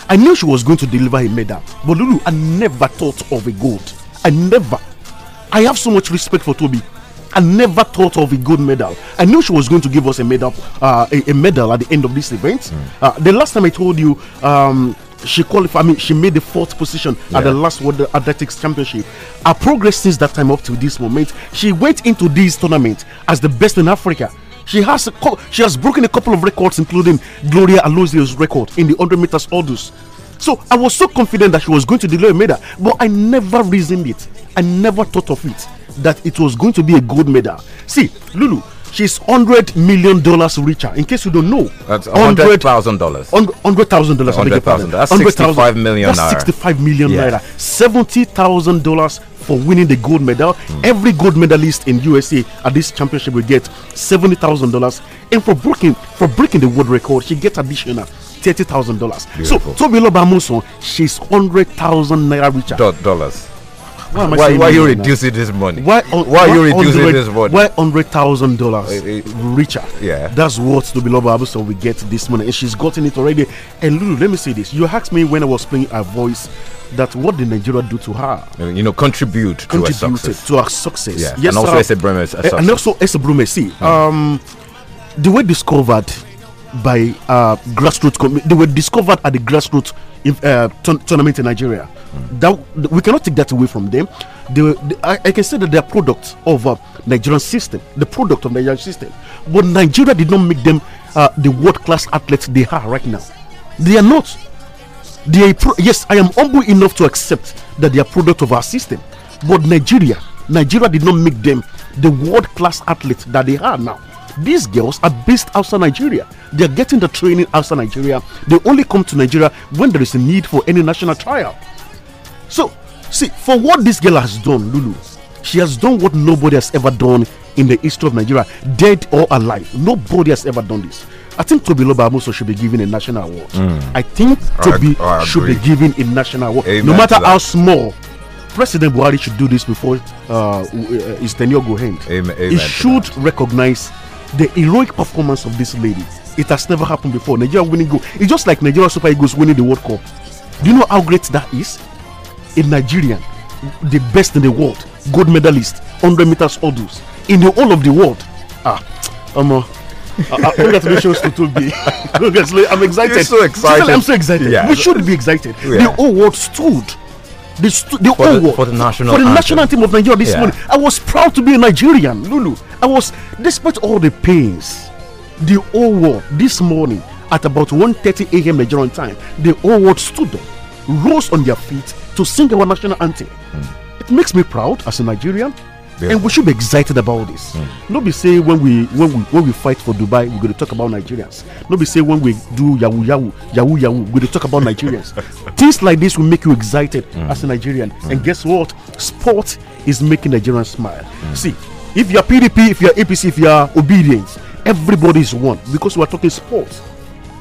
I knew she was going to deliver a medal, but Lulu, I never thought of a gold. I never. I have so much respect for Toby. I never thought of a gold medal. I knew she was going to give us a medal, uh, a, a, medal at the end of this event. Mm. Uh, the last time I told you, um, she qualified. I mean, she made the fourth position yeah. at the last World Athletics Championship. Her progress since that time up to this moment, she went into this tournament as the best in Africa. She has she has broken a couple of records, including Gloria Alosio's record in the 100 meters hurdles. So I was so confident that she was going to deliver a medal, but I never reasoned it. I never thought of it that it was going to be a gold medal. See, Lulu, she's hundred million dollars richer. In case you don't know, that's hundred thousand dollars. Hundred thousand dollars. Hundred thousand. That's sixty-five million. That's sixty-five million yeah. naira. Seventy thousand dollars for winning the gold medal. Mm. Every gold medalist in USA at this championship will get seventy thousand dollars, and for breaking for breaking the world record, she gets additional thirty thousand dollars. So Toby Lobamuson, she's hundred thousand naira richer. Do dollars why am I why, why you reducing this money? Why, why are you reducing this money? Why hundred thousand dollars richer? Yeah, that's what the beloved So will get this money, and she's gotten it already. And Lulu, let me say this: you asked me when I was playing her voice that what did Nigeria do to her? Uh, you know, contribute to her success. To her success. Yeah. Yes, and also Esa And also Esa See, mm. um, they were discovered by uh, grassroots. they were discovered at the grassroots if, uh, tournament in Nigeria. Mm. That we cannot take that away from them. They, they, I, I, can say that they are product of uh, Nigerian system, the product of Nigerian system. But Nigeria did not make them uh, the world class athletes they are right now. They are not. They are yes, I am humble enough to accept that they are product of our system. But Nigeria, Nigeria did not make them the world class athletes that they are now. These girls are based outside Nigeria. They are getting the training outside Nigeria. They only come to Nigeria when there is a need for any national trial. So, see, for what this girl has done, Lulu, she has done what nobody has ever done in the history of Nigeria, dead or alive. Nobody has ever done this. I think Toby Lobamuso should be given a national award. Mm. I think Toby I, I should be given a national award. Amen no matter how small, President Buhari should do this before uh, his tenure go end. Amen, amen he should recognize the heroic performance of this lady. It has never happened before. Nigeria winning goal. It's just like Nigeria Super Eagles winning the World Cup. Do you know how great that is? A Nigerian, the best in the world, gold medalist, 100 meters hurdles in the whole of the world. Ah, um, uh, uh, congratulations to Toby. I'm excited. You're so excited. I'm so excited. Yeah. We should be excited. Yeah. The whole world stood the, the for, the, for the national for the anthem. national team of Nigeria this yeah. morning. I was proud to be a Nigerian, Lulu. I was, despite all the pains, the whole world this morning at about 1:30 a.m. Nigerian time, the whole world stood up, rose on their feet to sing our national anthem. Mm. It makes me proud as a Nigerian. Yeah. And we should be excited about this. Mm. Not be say when we when we when we fight for Dubai, we're going to talk about Nigerians. Not be say when we do yahoo yahoo yahoo yahoo, we're going to talk about Nigerians. Things like this will make you excited mm. as a Nigerian. Mm. And guess what? Sport is making Nigerians smile. Mm. See, if you're PDP, if you're APC, if you're obedient, everybody is one because we are talking sports.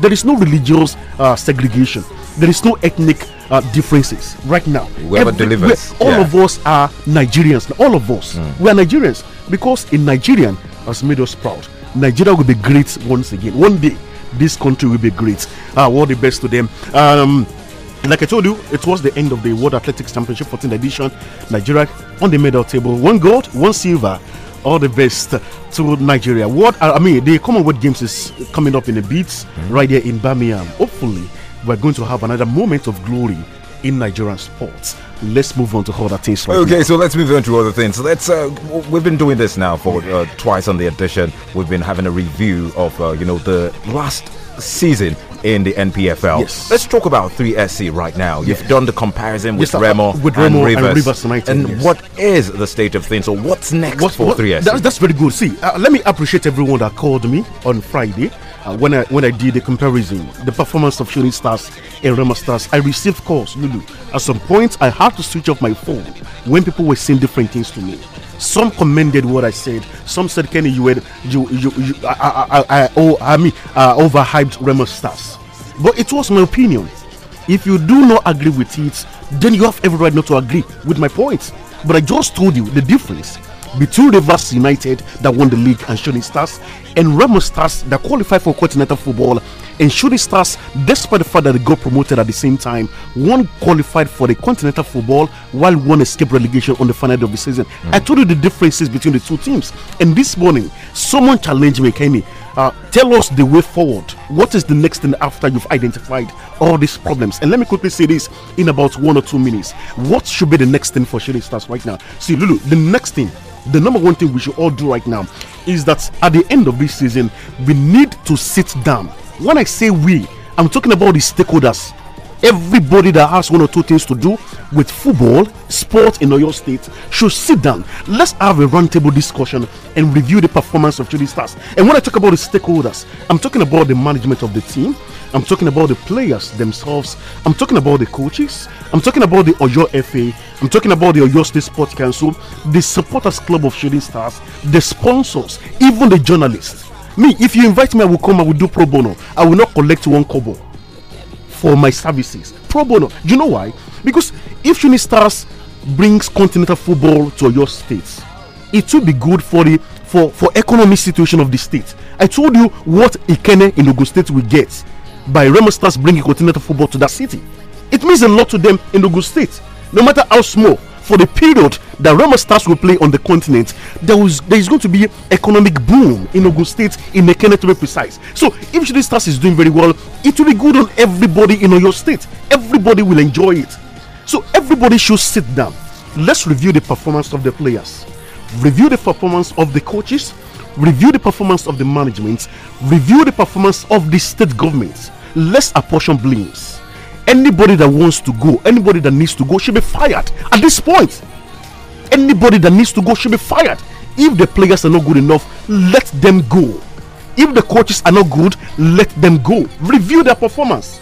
There is no religious uh, segregation. There is no ethnic uh, differences right now. Whoever Every, delivers. All yeah. of us are Nigerians. All of us. Mm. We are Nigerians because a Nigerian has made us proud. Nigeria will be great once again. One day, this country will be great. Uh, ah, all the best to them. Um, like I told you, it was the end of the World Athletics Championship 14th edition. Nigeria on the medal table, one gold, one silver. All the best to Nigeria. What I mean, the Commonwealth Games is coming up in a bit mm -hmm. right here in Birmingham. Hopefully, we're going to have another moment of glory in Nigerian sports. Let's move on to other things. Right okay, now. so let's move on to other things. Let's. Uh, we've been doing this now for uh, twice on the edition. We've been having a review of uh, you know the last season in the NPFL. Yes. Let's talk about 3SC right now. You've done the comparison with yes, Remo, with Remo and Rivers. And, Rivers United, and yes. what is the state of things or what's next what, for what, 3SC? That, that's very good. See, uh, let me appreciate everyone that called me on Friday uh, when I when I did the comparison, the performance of Shooting Stars and Rema Stars, I received calls, Lulu. At some point, I had to switch off my phone when people were saying different things to me. Some commended what I said. Some said, "Kenny, you were you you, you I, I, I, I oh I mean uh, overhyped Rema Stars," but it was my opinion. If you do not agree with it, then you have every right not to agree with my point. But I just told you the difference between Rivers United that won the league and Shooting Stars and Remo Stars that qualified for continental football. And Shooting Stars, despite the fact that they got promoted at the same time, one qualified for the continental football while one escaped relegation on the final day of the season. Mm. I told you the differences between the two teams. And this morning, someone challenged me, Kenny. Uh, tell us the way forward. What is the next thing after you've identified all these problems? And let me quickly say this in about one or two minutes. What should be the next thing for Shooting Stars right now? See, Lulu, the next thing the number one thing we should all do right now is that at the end of this season, we need to sit down. When I say we, I'm talking about the stakeholders. Everybody that has one or two things to do with football, sport in your State should sit down. Let's have a roundtable discussion and review the performance of Chidi Stars. And when I talk about the stakeholders, I'm talking about the management of the team, I'm talking about the players themselves. I'm talking about the coaches. I'm talking about the Oyo FA. I'm talking about the Oyo State Sports Council, the supporters club of shooting stars, the sponsors, even the journalists. Me, if you invite me, I will come. I will do pro bono. I will not collect one kobo for my services. Pro bono. Do you know why? Because if Shooting Stars brings continental football to your state, it will be good for the for for economic situation of the state. I told you what Ikene in Ogun State will get by Remo Stars bringing continental football to that city. It means a lot to them in Ogun State. No matter how small, for the period that Remo Stars will play on the continent, there, was, there is going to be economic boom in Ogun State, in Ekene to be precise. So if Shooting Stars is doing very well, it will be good on everybody in your State. Everybody will enjoy it. So everybody should sit down. Let's review the performance of the players, review the performance of the coaches, review the performance of the management, review the performance of the state government. Let's apportion blames. Anybody that wants to go, anybody that needs to go, should be fired at this point. Anybody that needs to go should be fired. If the players are not good enough, let them go. If the coaches are not good, let them go. Review their performance.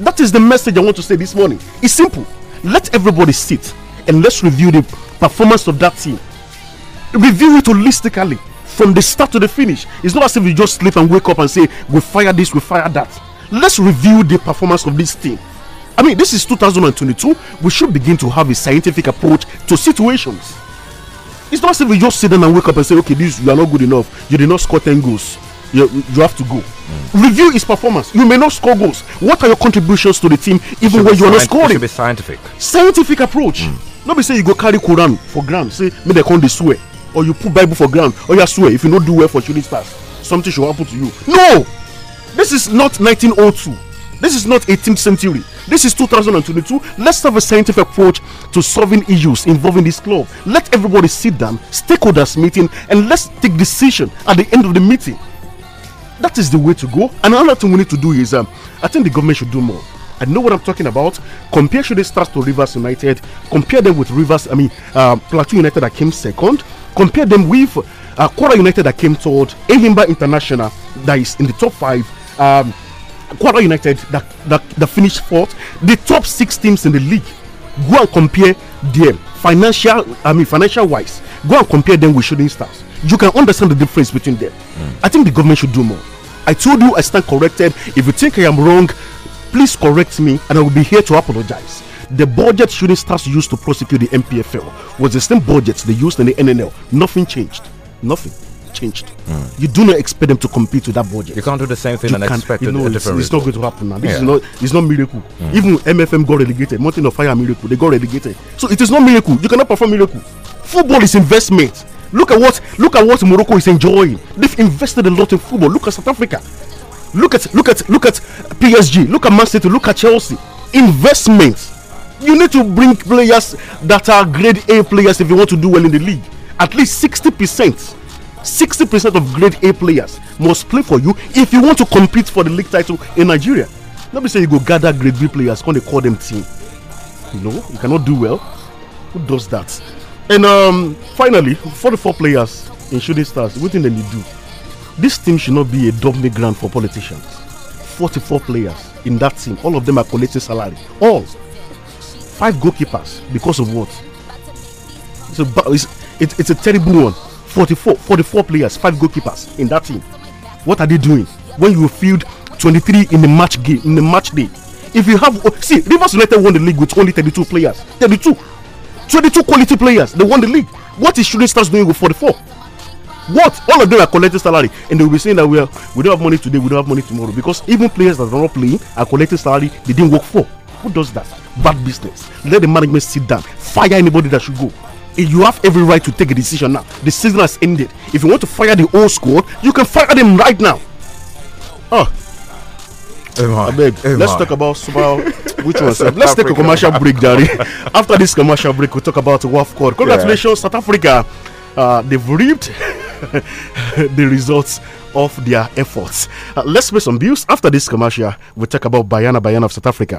That is the message I want to say this morning. It's simple. Let everybody sit and let's review the performance of that team. Review it holistically from the start to the finish. It's not as if you just sleep and wake up and say, we fire this, we fire that. Let's review the performance of this team. I mean, this is 2022. We should begin to have a scientific approach to situations. It's not as if we just sit down and wake up and say, okay, this you are not good enough. You did not score 10 goals. You, you have to go. Mm. Review his performance. You may not score goals. What are your contributions to the team, even when you are not scoring? It should be scientific. Scientific approach. Mm. Not be say you go carry Quran for granted. Say, me they come this way or you put bible for ground or you swear if you no do well for children's pass something should happen to you no this is not 1902 this is not 18th century this is 2022 let's have a scientific approach to solving issues involving this club let everybody sit down stakeholders meeting and let's take decision at the end of the meeting that is the way to go and another thing we need to do is um, i think the government should do more I know what I'm talking about. Compare should they start to Rivers United. Compare them with Rivers, I mean, uh, Plateau United that came second. Compare them with uh, Quora United that came third, Ahimba International that is in the top five. Um, Quora United that, that, that finished fourth. The top six teams in the league. Go and compare them financial. I mean, financial wise. Go and compare them with Shooting Stars. You can understand the difference between them. Mm. I think the government should do more. I told you I stand corrected. If you think I am wrong, please correct me, and I will be here to apologize. The budget shooting stars used to prosecute the MPFL was the same budget they used in the NNL. Nothing changed. Nothing changed. Mm. You do not expect them to compete with that budget. You can't do the same thing you and expect you know, a different It's, it's not going to happen This yeah. is not it's not miracle. Mm. Even MFM got relegated, Mountain of Fire miracle, they got relegated. So it is not miracle. You cannot perform miracle. Football is investment. Look at what look at what Morocco is enjoying. They've invested a lot in football. Look at South Africa. Look at look at look at PSG. Look at Man City. Look at Chelsea. Investments you need to bring players that are grade A players if you want to do well in the league. At least 60%. 60% of grade A players must play for you if you want to compete for the league title in Nigeria. Let me say you go gather grade B players, can they call them team? You know, you cannot do well. Who does that? And um, finally, 44 players in shooting stars, what do they do? This team should not be a dummy ground for politicians. 44 players in that team, all of them are collecting salary. All. Five goalkeepers because of what? It's a, it's, it, it's a terrible one. 44, 44 players, five goalkeepers in that team. What are they doing when you field 23 in the match game in the match day? If you have oh, see Rivers United won the league with only 32 players, 32, 22 quality players. They won the league. What is Shooting Stars doing with 44? What? All of them are collecting salary, and they will be saying that we are we don't have money today, we don't have money tomorrow because even players that are not playing are collecting salary they didn't work for. Who does that? Bad business. Let the management sit down. Fire anybody that should go. You have every right to take a decision now. The season has ended. If you want to fire the old squad, you can fire them right now. Oh. I beg, let's talk about Super. Which one? let's take a commercial break, Dari. After this commercial break, we'll talk about WAFCOR. Congratulations, yeah. South Africa. Uh, they've reaped the results of their efforts. Uh, let's pay some bills. After this commercial, we'll talk about Bayana Bayana of South Africa.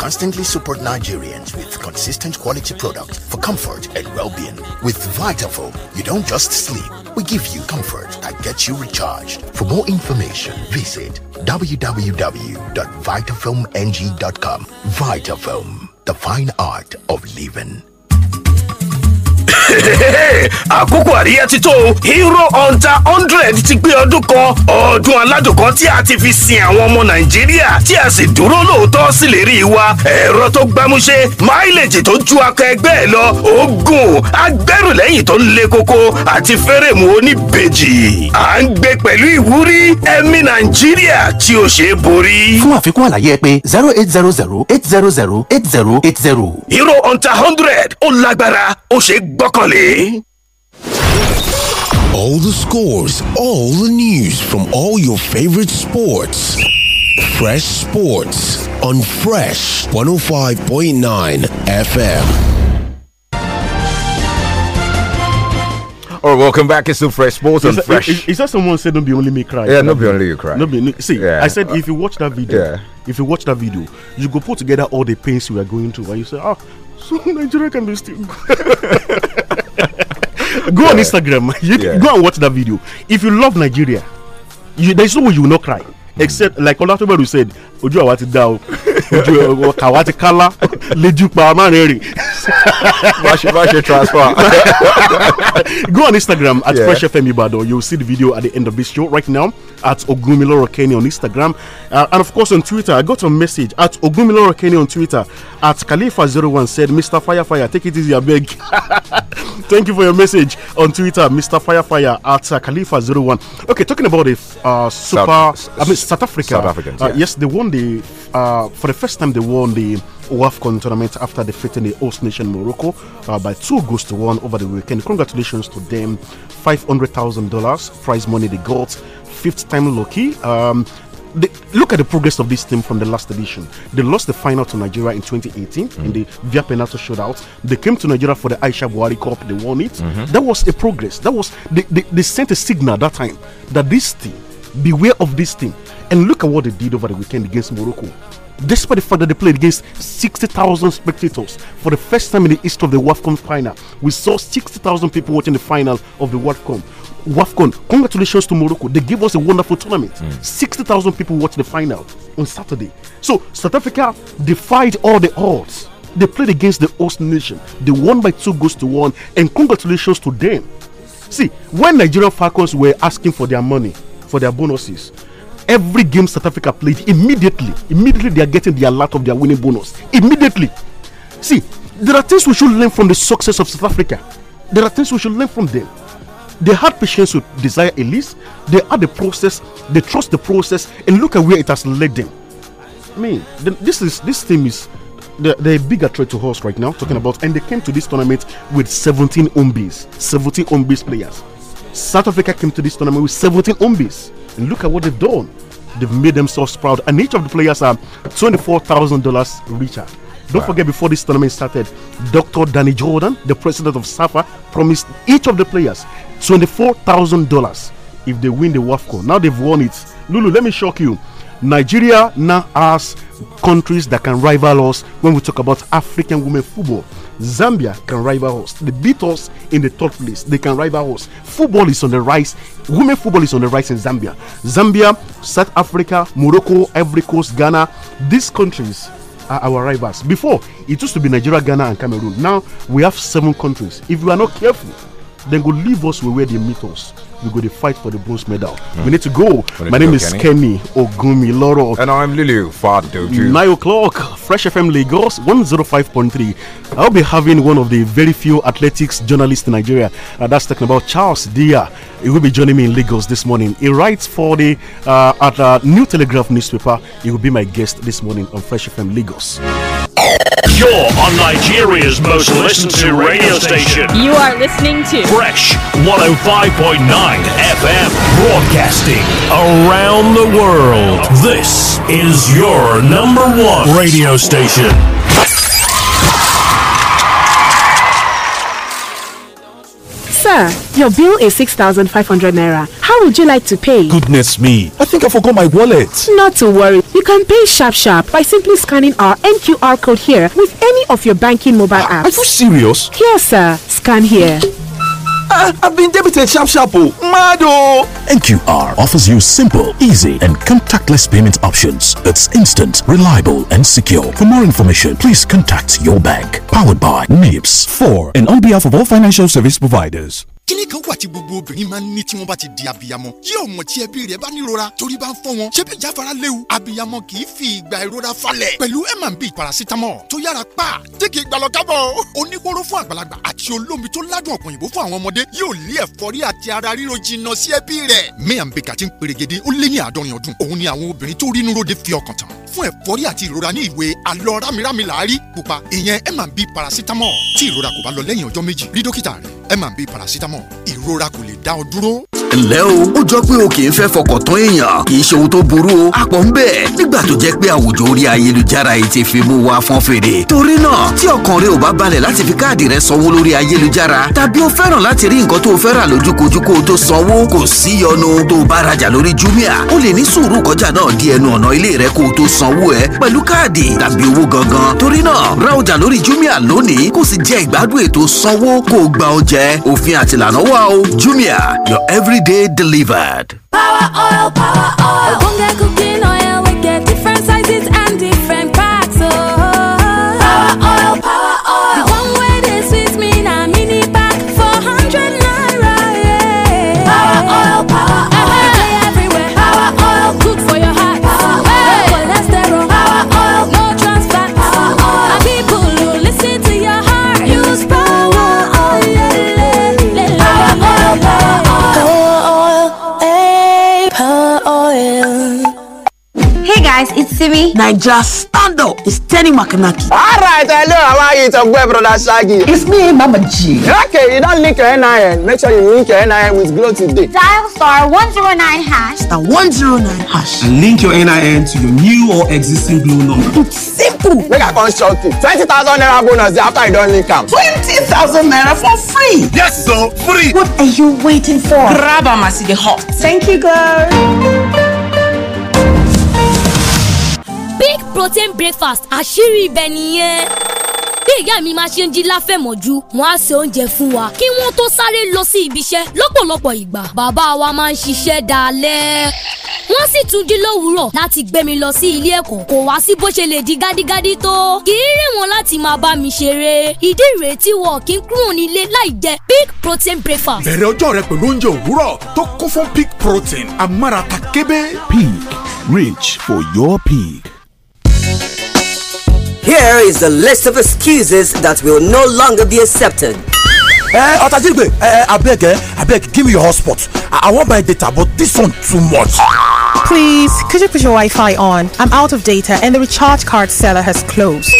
constantly support Nigerians with consistent quality products for comfort and well-being. With Vitafilm, you don't just sleep. We give you comfort that gets you recharged. For more information, visit www.vitafilmng.com. Vitafilm, the fine art of living. àkókò àríyá ti tó hero hunter hundred ti pé ọdún kan ọdún aládùn tí a ti fi sin àwọn ọmọ nàìjíríà tí a sì dúró lóòótọ́ sí lè rí wa ẹ̀rọ tó gbámúṣé máìlèjì tó ju akọ ẹgbẹ́ ẹ lọ oògùn agbẹrùlẹ́yìn tó ń le koko àti fẹ́rẹ̀mù oníbejì à ń gbé pẹ̀lú ìwúrí ẹ̀mí nàìjíríà tí ó ṣe é borí. fún àfikún àlàyé ẹ pé zero eight zero zero eight zero zero eight zero eight zero. hero hunter hundred ó lágbára ó ṣe é gbọ́kàn. All the scores, all the news from all your favorite sports. Fresh Sports on Fresh 105.9 FM. All right, welcome back. It's still fresh sports and fresh. Is, is, that someone said don't be only me cry? Yeah, not be only you cry. Not be, see, yeah. I said if you watch that video, yeah. if you watch that video, you go put together all the pains we are going through, and you say, ah, so Nigeria can be still. go yeah. on Instagram. You yeah. Go and watch that video. If you love Nigeria, you, there's no way you will not cry. Mm. Except like who said, Ojú àwa ti dá o, ojú àwa kálá, lejú pa amárẹ̀rìn. Má ṣe má ṣe transfer. Go on Instagram at yeah. Fresh FM Ibado. You'll see the video at the end of this show right now at Kenny on Instagram. Uh, and of course, on Twitter, I got a message at Kenny on Twitter at Khalifa01 said, Mr. Firefire, take it easy, I beg. Thank you for your message on Twitter, Mr. Firefire at uh, Khalifa01. Okay, talking about the uh, Super, South, I mean, South Africa. South Africans, uh, yeah. Yes, they won the, uh, for the first time, they won the. WAFCON tournament after defeating the host nation Morocco uh, by two goals to one over the weekend. Congratulations to them. $500,000 prize money they got fifth time lucky. Um, the, look at the progress of this team from the last edition. They lost the final to Nigeria in 2018 mm. Mm-hmm. in the Via Penato Shootout. They came to Nigeria for the Aisha Buhari Cup. They won it. Mm -hmm. That was a progress. That was they, they, they sent a signal that time that this team, beware of this team. And look at what they did over the weekend against Morocco despite the fact that they played against 60,000 spectators for the first time in the history of the World Cup final. We saw 60,000 people watching the final of the World Cup. WAFCON. Congratulations to Morocco. They gave us a wonderful tournament. Mm. 60,000 people watched the final on Saturday. So South Africa defied all the odds. They played against the host nation. They won by two goals to one. And congratulations to them. See, when Nigerian Falcons were asking for their money, for their bonuses, every game South Africa played immediately, immediately they are getting the alert of their winning bonus. Immediately. See, there are things we should learn from the success of South Africa. There are things we should learn from them. They had patience with desire a list. They had the process. They trust the process, and look at where it has led them. I mean, the, this is this team is the the bigger threat to us right now. Talking about, and they came to this tournament with 17 umbies, 17 umbies players. South Africa came to this tournament with 17 umbies, and look at what they've done. They've made themselves proud, and each of the players are $24,000 richer. Don't forget, before this tournament started, Dr. Danny Jordan, the president of SAFA, promised each of the players $24,000 if they win the WAFCO. Now they've won it. Lulu, let me shock you. Nigeria now has countries that can rival us when we talk about African women football. Zambia can rival us. They beat us in the third place. They can rival us. Football is on the rise. Women football is on the rise in Zambia. Zambia, South Africa, Morocco, Ivory Coast, Ghana. These countries our rivals. Before, it used to be Nigeria, Ghana, and Cameroon. Now, we have seven countries. If we are not careful, then go leave us where they meet us we go to fight for the bronze medal. Mm. We need to go. My name is Kenny Ogumi Loro. And I'm Lulu Fadoju. Nine o'clock, Fresh FM Lagos 105.3. I'll be having one of the very few athletics journalists in Nigeria. Uh, that's talking about Charles Dia. He will be joining me in Lagos this morning. He writes for the uh, at uh, New Telegraph newspaper. He will be my guest this morning on Fresh FM Lagos. You're on Nigeria's most listened to radio station. You are listening to Fresh 105.9 FM, broadcasting around the world. This is your number one radio station. Sir, your bill is 6,500 naira. How would you like to pay? Goodness me, I think I forgot my wallet. Not to worry. You can pay Sharp Sharp by simply scanning our NQR code here with any of your banking mobile apps. Are you serious? Here, sir. Scan here. Ah, I, have been debited sharp sharp oh. Mado. Oh. NQR offers you simple, easy and contactless payment options. It's instant, reliable and secure. For more information, please contact your bank. Powered by NIPS 4 and on behalf of all financial service providers. kíní kan wà tí gbogbo obìnrin máa ń ní tí wọ́n bá ti di abiyamọ yóò mọ̀ tí ẹbí rẹ̀ bá nírora torí bá ń fọ́ wọn ṣé bí jáfara léwu abiyamọ kì í fi ìgbà ìrora falẹ̀ pẹ̀lú M&B paracetamol tó yára pa tí kì oníkóró fún àgbàlagbà àti olómi tó ládùn ọ̀kan òyìnbó fún àwọn ọmọdé yóò lé ẹ̀fọ́rí àti ara ríro jìnnà sí ẹbí rẹ̀ M&B kàti ń perégedé ó lé ní àádọ́rin ọdún òun ni àwọn obìnrin tó rí núròde fi ọkàn tán fún ẹ̀fọ́rí àti ìrora ní ìwé alọ́ rámirámi làárí pupa ìyẹn M&B paracetamol tí ìrora kò bá lọ lẹ́yìn ọjọ́ méjì rí dókítà rẹ̀ m&b paracetamol ìrora kò lè dá ọ dúró ǹlẹ́ o ó jọ pé o kì í fẹ́ fọkàn tán èèyàn kì í ṣe ohun tó burú o àpọ̀ ń bẹ̀ nígbà tó jẹ́ pé àwùjọ orí ayélujára yìí ti fi mú wa fọ́n fèrè torí náà tí ọkàn rẹ ò bá balẹ̀ láti fi káàdì rẹ sanwó lórí ayélujára tàbí o fẹ́ràn láti rí nǹkan tó o fẹ́ rà lójúkojú kó o tó sanwó kò sí yọnu tó o bá rajà lórí Jumia o lè ní sùúrù kọjá náà di ẹnu ọ̀nà ilé rẹ kó o tó sanwó ẹ pẹ̀lú káàdì tàbí owó gangan torí náà ra ọjà lórí Jumia lónìí kó o sì jẹ ìgbádùn ètò sanwó kó o gba oúnjẹ òfin àtìlànà wà o Jumia your every Day delivered. Power oil, power oil. Simi. Nigeria stand up. It's Tenny Makinaki. All right, hello. How are you? It's your boy, brother Shaggy. It's me, Mama G. Okay, you don't link your NIN. Make sure you link your NIN with Glow today. Dial star 109 hash. Star 109 hash. And link your NIN to your new or existing Glow number. It's simple. Make a construct it. 20,000 naira bonus after you don't link them. 20,000 naira for free. Yes, so free. What are you waiting for? Grab a as they hot. Thank you, girl big protein breakfast àṣírí ibẹ̀ nìyẹn bí ìyá mi máa ṣe ń jí láfẹ̀mọ́jú wọ́n á ṣe oúnjẹ fún wa kí wọ́n tó sáré lọ sí ibiṣẹ́ lọ́pọ̀lọpọ̀ ìgbà bàbá wa máa ń ṣiṣẹ́ dalẹ́ wọ́n sì tún dín lówùúrọ̀ láti gbé mi lọ sí ilé ẹ̀kọ́ kò wá sí bó ṣe lè di gádígádí tó kì í rìn wọn láti máa bá mi ṣeré ìdí ìrètí wọn kì í kúrò nílé láì jẹ big protein breakfast. bẹ̀rẹ̀ ọjọ́ rẹ pẹ̀lú oúnjẹ òwúrọ̀ tó kún fún big protein amárata kébé. pig rich for your pig. Here is the list of excuses that will no longer be accepted. Eh, Otajigbe, eh, eh, I beg, eh, I beg, give me your hotspot. I, I want my data, but this one too much. Please, could you put your Wi-Fi on? I'm out of data and the recharge card seller has closed.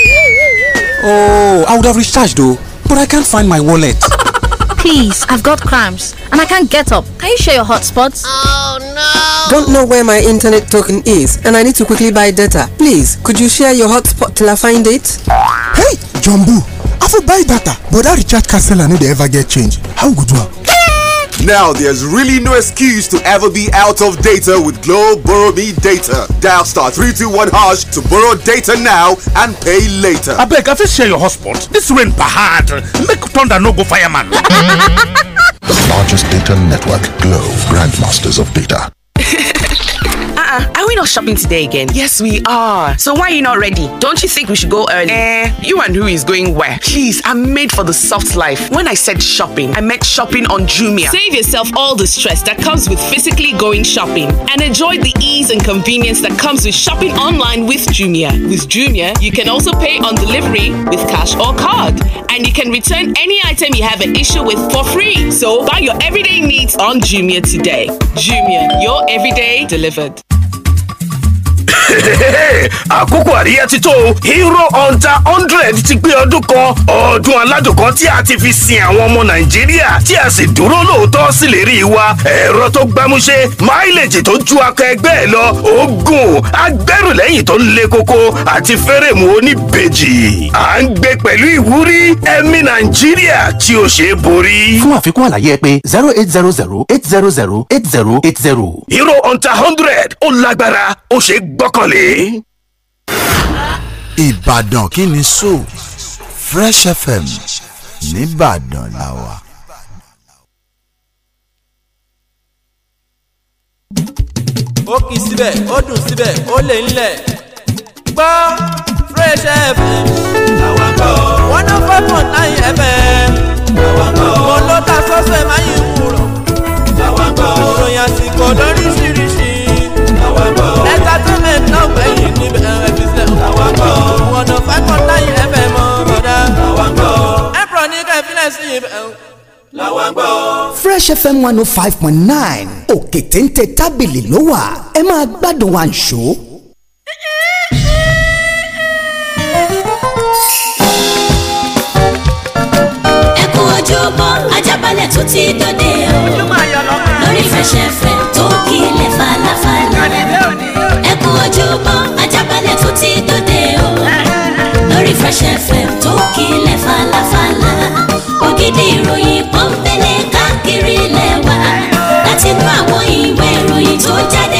Oh, I would have recharged though, but I can't find my wallet. Please, I've got cramps and I can't get up. Can you share your hotspots? Oh no! Don't know where my internet token is and I need to quickly buy data. Please, could you share your hotspot till I find it? Hey, Jumbo, I will buy data, but that recharge castle seller need to ever get change. How good work? Now there's really no excuse to ever be out of data with Globe Borrow Me Data. Dial star 321 hash to borrow data now and pay later. I beg, I fit share your hotspot. This rain bahad. Make thunder no go fireman. the largest data network, Globe, grandmasters of data. Uh-uh. Are we not shopping today again? Yes, we are. So why are you not ready? Don't you think we should go early? Eh, you and who is going where? Please, I'm made for the soft life. When I said shopping, I meant shopping on Jumia. Save yourself all the stress that comes with physically going shopping and enjoy the ease and convenience that comes with shopping online with Jumia. With Jumia, you can also pay on delivery with cash or card. And you can return any item you have an issue with for free. So buy your everyday needs on Jumia today. Jumia, your everyday delivered. àkókò àríyá ti tó hero hunter hundred ti pé ọdún kan ọdún aládùn kan tí a ti fi sin àwọn ọmọ nàìjíríà tí a sì dúró lóòótọ́ sí lè rí wa ẹ̀rọ tó gbámúṣé máìlèjì tó ju akọ ẹgbẹ́ ẹ lọ oògùn agbẹrùlẹ́yìn tó ń le koko àti fẹ́rẹ̀mù oníbejì à ń gbé pẹ̀lú ìwúrí ẹ̀mí nàìjíríà tí ó ṣe é borí. fún àfikún àlàyé ẹ pé zero eight zero zero eight zero zero eight zero eight zero. hero hunter hundred ó lágbára ó ṣe é gbọ́kàn. Akọ́lé. Ìbàdàn kí ni so Fresh FM nìbàdàn la wà. ó kì í síbẹ̀ ó dùn síbẹ̀ ó lè ńlẹ̀ gbọ́ Fresh FM làwọn kọ́ one oh five point nine FM làwọn kọ́ mo ló ta sọ́sẹ̀ máa yín wúrọ̀ làwọn àsìkò lóríṣiríṣi làwọn tó mẹ́ta. sí i làwọn gbọ́. fresh fm one oh five point nine òkè téńté tábìlì ló wà ẹ máa gbádùn àǹṣó. ẹ kú ojúbọ ajábalẹ̀ tó ti dòde o lórí fresh fm tó kílẹ̀ falafala ẹ kú ojúbọ ajábalẹ̀ tó ti dòde o lórí fresh fm tó kílẹ̀ falafala ògidì ìròyìn kan fẹlẹ káàkiri lẹwà láti inú àwọn ìwé ìròyìn tó jáde.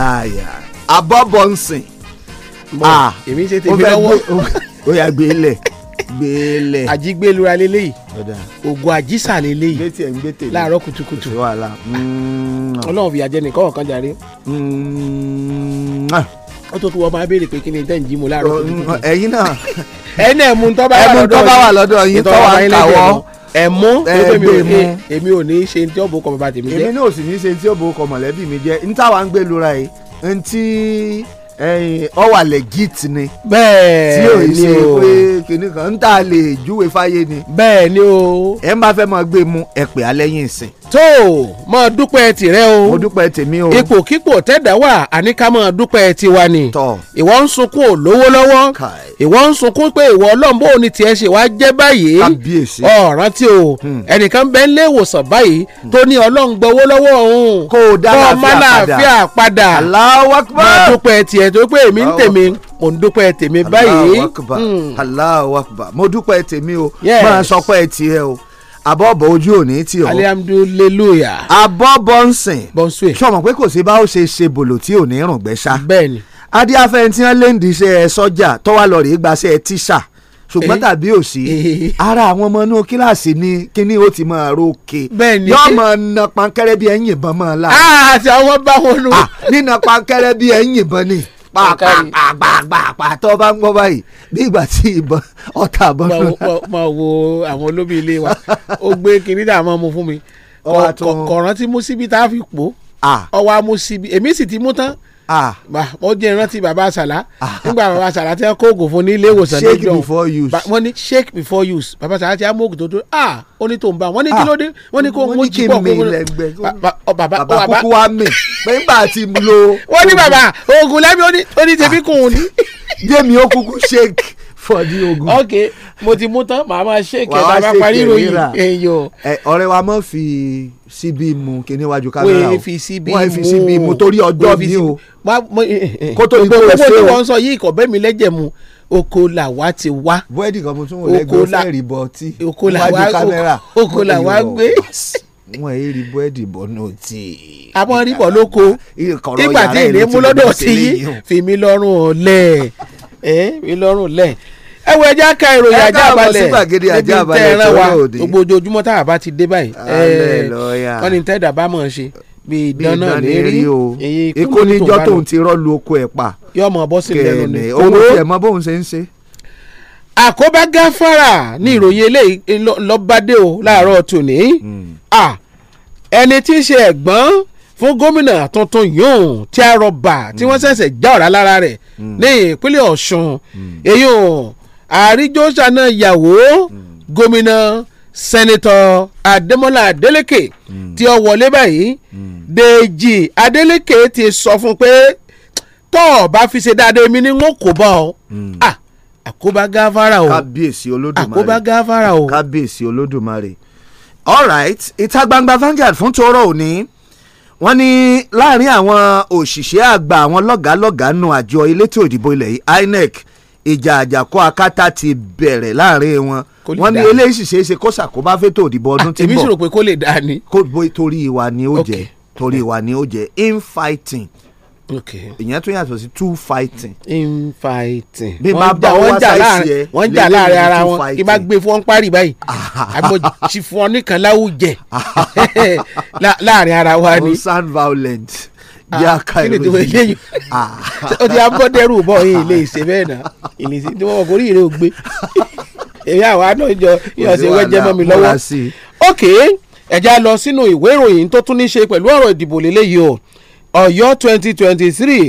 láàyà abọ́bọ̀nsìn. Ah, èmi ṣe tèmi lọ́wọ́ ó yà gbé lẹ̀ gbé lẹ̀. àjígbélura lélẹ́yìí ògùn àjísà lélẹ́yìí láàárọ̀ mm. ọlọ́run fìyà nìkan ọ̀kan jàre mm. ó tó kí wọ́n máa béèrè pé kí ni láàárọ̀ oh, mm, náà náà tọ́ bá wà lọ́dọ̀ tọ́ wà ń kàwọ́. ẹ mú èmi ò ní ṣe ní tí ó bó kọ bàbá tèmi jẹ èmi náà ò sì ní ṣe ní tí ó bó kọ mọ̀lẹ́bí mi jẹ ní táwa ń gbé lura yìí ní tí ọwà legit ni. bẹ́ẹ̀ ni o tí o ṣe pé kìnnìkan ń tà lè júwe fáyé ni. bẹ́ẹ̀ ni o. ẹ ń bá fẹ́ mọ gbé mu ẹ pè á lẹ́yìn tó mọ dúpẹ́ tìrẹ o mo dúpẹ́ tèmi o ipòkípò tẹ́dá wà àní ká mọ dúpẹ́ tiwa ni ìwọ ń sunkún olówó lọ́wọ́ ìwọ ń sunkún pé ìwọ ọlọ́mbó ni tiẹ̀ ṣe wá jẹ́ báyìí ọ̀ràn tí o hmm. ẹnìkan bẹ́ẹ̀ ń lé ìwòsàn báyìí tó ní ọlọ́run gbowó lọ́wọ́ òun kó má láàfíà padà mọ dúpẹ́ tiẹ̀ tó pé èmi ń tèmi mò ń dúpẹ́ tèmi báyìí. Allahu Akbar hmm. Allahu Akbar mo dúpẹ́ tèmi o máa sọ pé o abọ́bọ̀ ojú òní tí o. alihamuduliluya. abọ́bọ̀ ń sìn. bọ́nsúwe. sọmọ pé kò sí bá ó ṣe ṣe bòlò tí ò ní rùn gbẹ́sà. bẹ́ẹ̀ni. adíáfẹ́ntì hàn lẹ́ǹdì iṣẹ́ sọ́jà tọ́wá lọ rèé gbaṣẹ́ tíṣà ṣùgbọ́n eh. tàbí òsì ara àwọn ọmọ inú kíláàsì ni kíní ó ti máa rókè yóò máa na pankẹ́rẹ́ bí ẹ̀yìn máa la. Ah, àti àwọn báwo nu. Ah, nínà pankẹ́rẹ́ bí ẹ̀yìn ìbọn ni pàpàpàpàpà tó bá ń gbọ́ báyìí bí ìgbà tí ìbọn ọ̀tá àbọ̀ fún wa. mo wo àwọn olóbi ilé wa ó gbé kinní dà mọ́ mu fún mi kọ̀ọ̀rán tí mo síbi tá a fi pò ọwọ́ amúsíbi èmi sì ti mú tán wọ́n jẹ́ ìrántí baba asala nígbà baba asala tí wọ́n kó oògùn fún ní ilé ìwòsàn níjọ́ shake before use wọ́n ní shake before use baba asala ti amóògùn tó tó a ó ní tó ń bá wọ́n ní kí ló wọ́n ní kó ń jí pọ̀ kó ń baba kúkú wa mè nígbà tí mo lo. wọ́n ní baba oògùn lẹ́mi ó ní tẹ̀mí kùn ún ní. jẹ́mi ó kúkú shake fọdí ogun. ok mo ti mú tán màá máa ṣe kẹta bá parí ìròyìn èèyàn. ọ̀rẹ́ wa mọ̀ fi síbí mu kí níwájú kámẹ́rà o wọ́n fi síbí mu torí ọjọ́ mi o kó tó ní kó lọ sí o. gbogbo tí wọ́n sọ yìí ìkọ̀bẹ́ mi lẹ́jẹ̀ mu oko la wa ti wa. búrẹ́dì kan mo tún wò lẹ́gbẹ̀ẹ́ fẹ́ rí bọ́ tí níwájú kámẹ́rà oko la wa gbé wọn èyí rí búrẹ́dì bọ́ náà tí. àmọ́ rí bọ́ lóko nígbà tí èrè mú lọ́dọ̀ sí fèmí lọ́rùn ọ̀lẹ́ mi lọ́rùn lẹ̀ ẹ wo ẹja ka ìròyìn ajá balẹ̀ níbi tẹ́ ẹ rán wa gbogbo ojoojúmọ́ tá a bá ti dé báyìí wọ́n ní tẹ́ẹ̀dá bá mọ̀ ọ́n ṣe bíi ìdáná lérí o èkó níjọ́ tóun ti rọ́ lu oko ẹ̀ pa yọmọ bọ́sì lẹ́nu ni owó ẹ̀ mọ bóun ṣe ń ṣe àkóbá gáfárà ní ìròyìn eléyìí lọ́bàdé o láàárọ̀ tòní hmm. ẹni tí í ṣe ẹ̀gbọ́n fún gómìnà tuntun yòówù tí a rọba tí wọ́n hmm. ṣẹ̀ṣẹ̀ já ọ̀rá lára rẹ̀ hmm. ní ìpínlẹ̀ Ọ̀ṣun hmm. èyí ò àríjọ́sánà yàwó gómìnà sẹ́nitọ̀ Adémọ́lá Adélékè tí ó wọlé báyìí Dèjì Adélékè ti sọ fún pé tọ́ ọ bá fi ṣe dáadé mi ni wọ́n kò bọ́ ọ ah, àkóbá gáfárà o kábíyèsí olódùmarè àkóbá gáfárà o kábíyèsí olódùmarè all right ìta gbangba Vanguard fún tòórọ́ òní wọ́n ní láàrin àwọn òṣìṣẹ́ àgbà àwọn lọ́gàálọ́gàá nù àjọ elétò ìdìbò ilẹ̀ yìí INEC ìjà àjàkọ akátá ti bẹ̀rẹ̀ láàrin wọn wọ́n ní eléyìí sì ṣeé ṣe kó ṣàkóbá fétò ìdìbò ọdún tí ń bọ̀ èmi sì rò pé kó lè dà ní. torí ìwà ni ó jẹ torí ìwà ni ó jẹ infighting Okay. ìyẹn tún yàtọ̀ sí two fighting. infighting. bí bá bá wọn jà láàrin wọn jà láàrin ara wọn kí bá gbé fún wọn parí báyìí àmọ́ ti fún ọ nìkan láwùjẹ láàrin ara wa ni. sound violent bí ah, a ka ìròyìn. kí ni tó wọlé yìí ah. ó ti abọ́dẹ́rù bọ̀ yìí ilé ìṣe bẹ́ẹ̀ náà ìlísí tí wọ́n kò rí ìrè ògbé èyí àwa náà yóò ṣe wẹ́jẹ́ mọ́ mi lọ́wọ́. ok ẹ̀já lọ sínú ìwé ìròyìn tó tún ní ṣe pẹ̀lú ọ̀rọ̀ ìdìbò lélẹ́yìí o ọ̀yọ́ twenty twenty three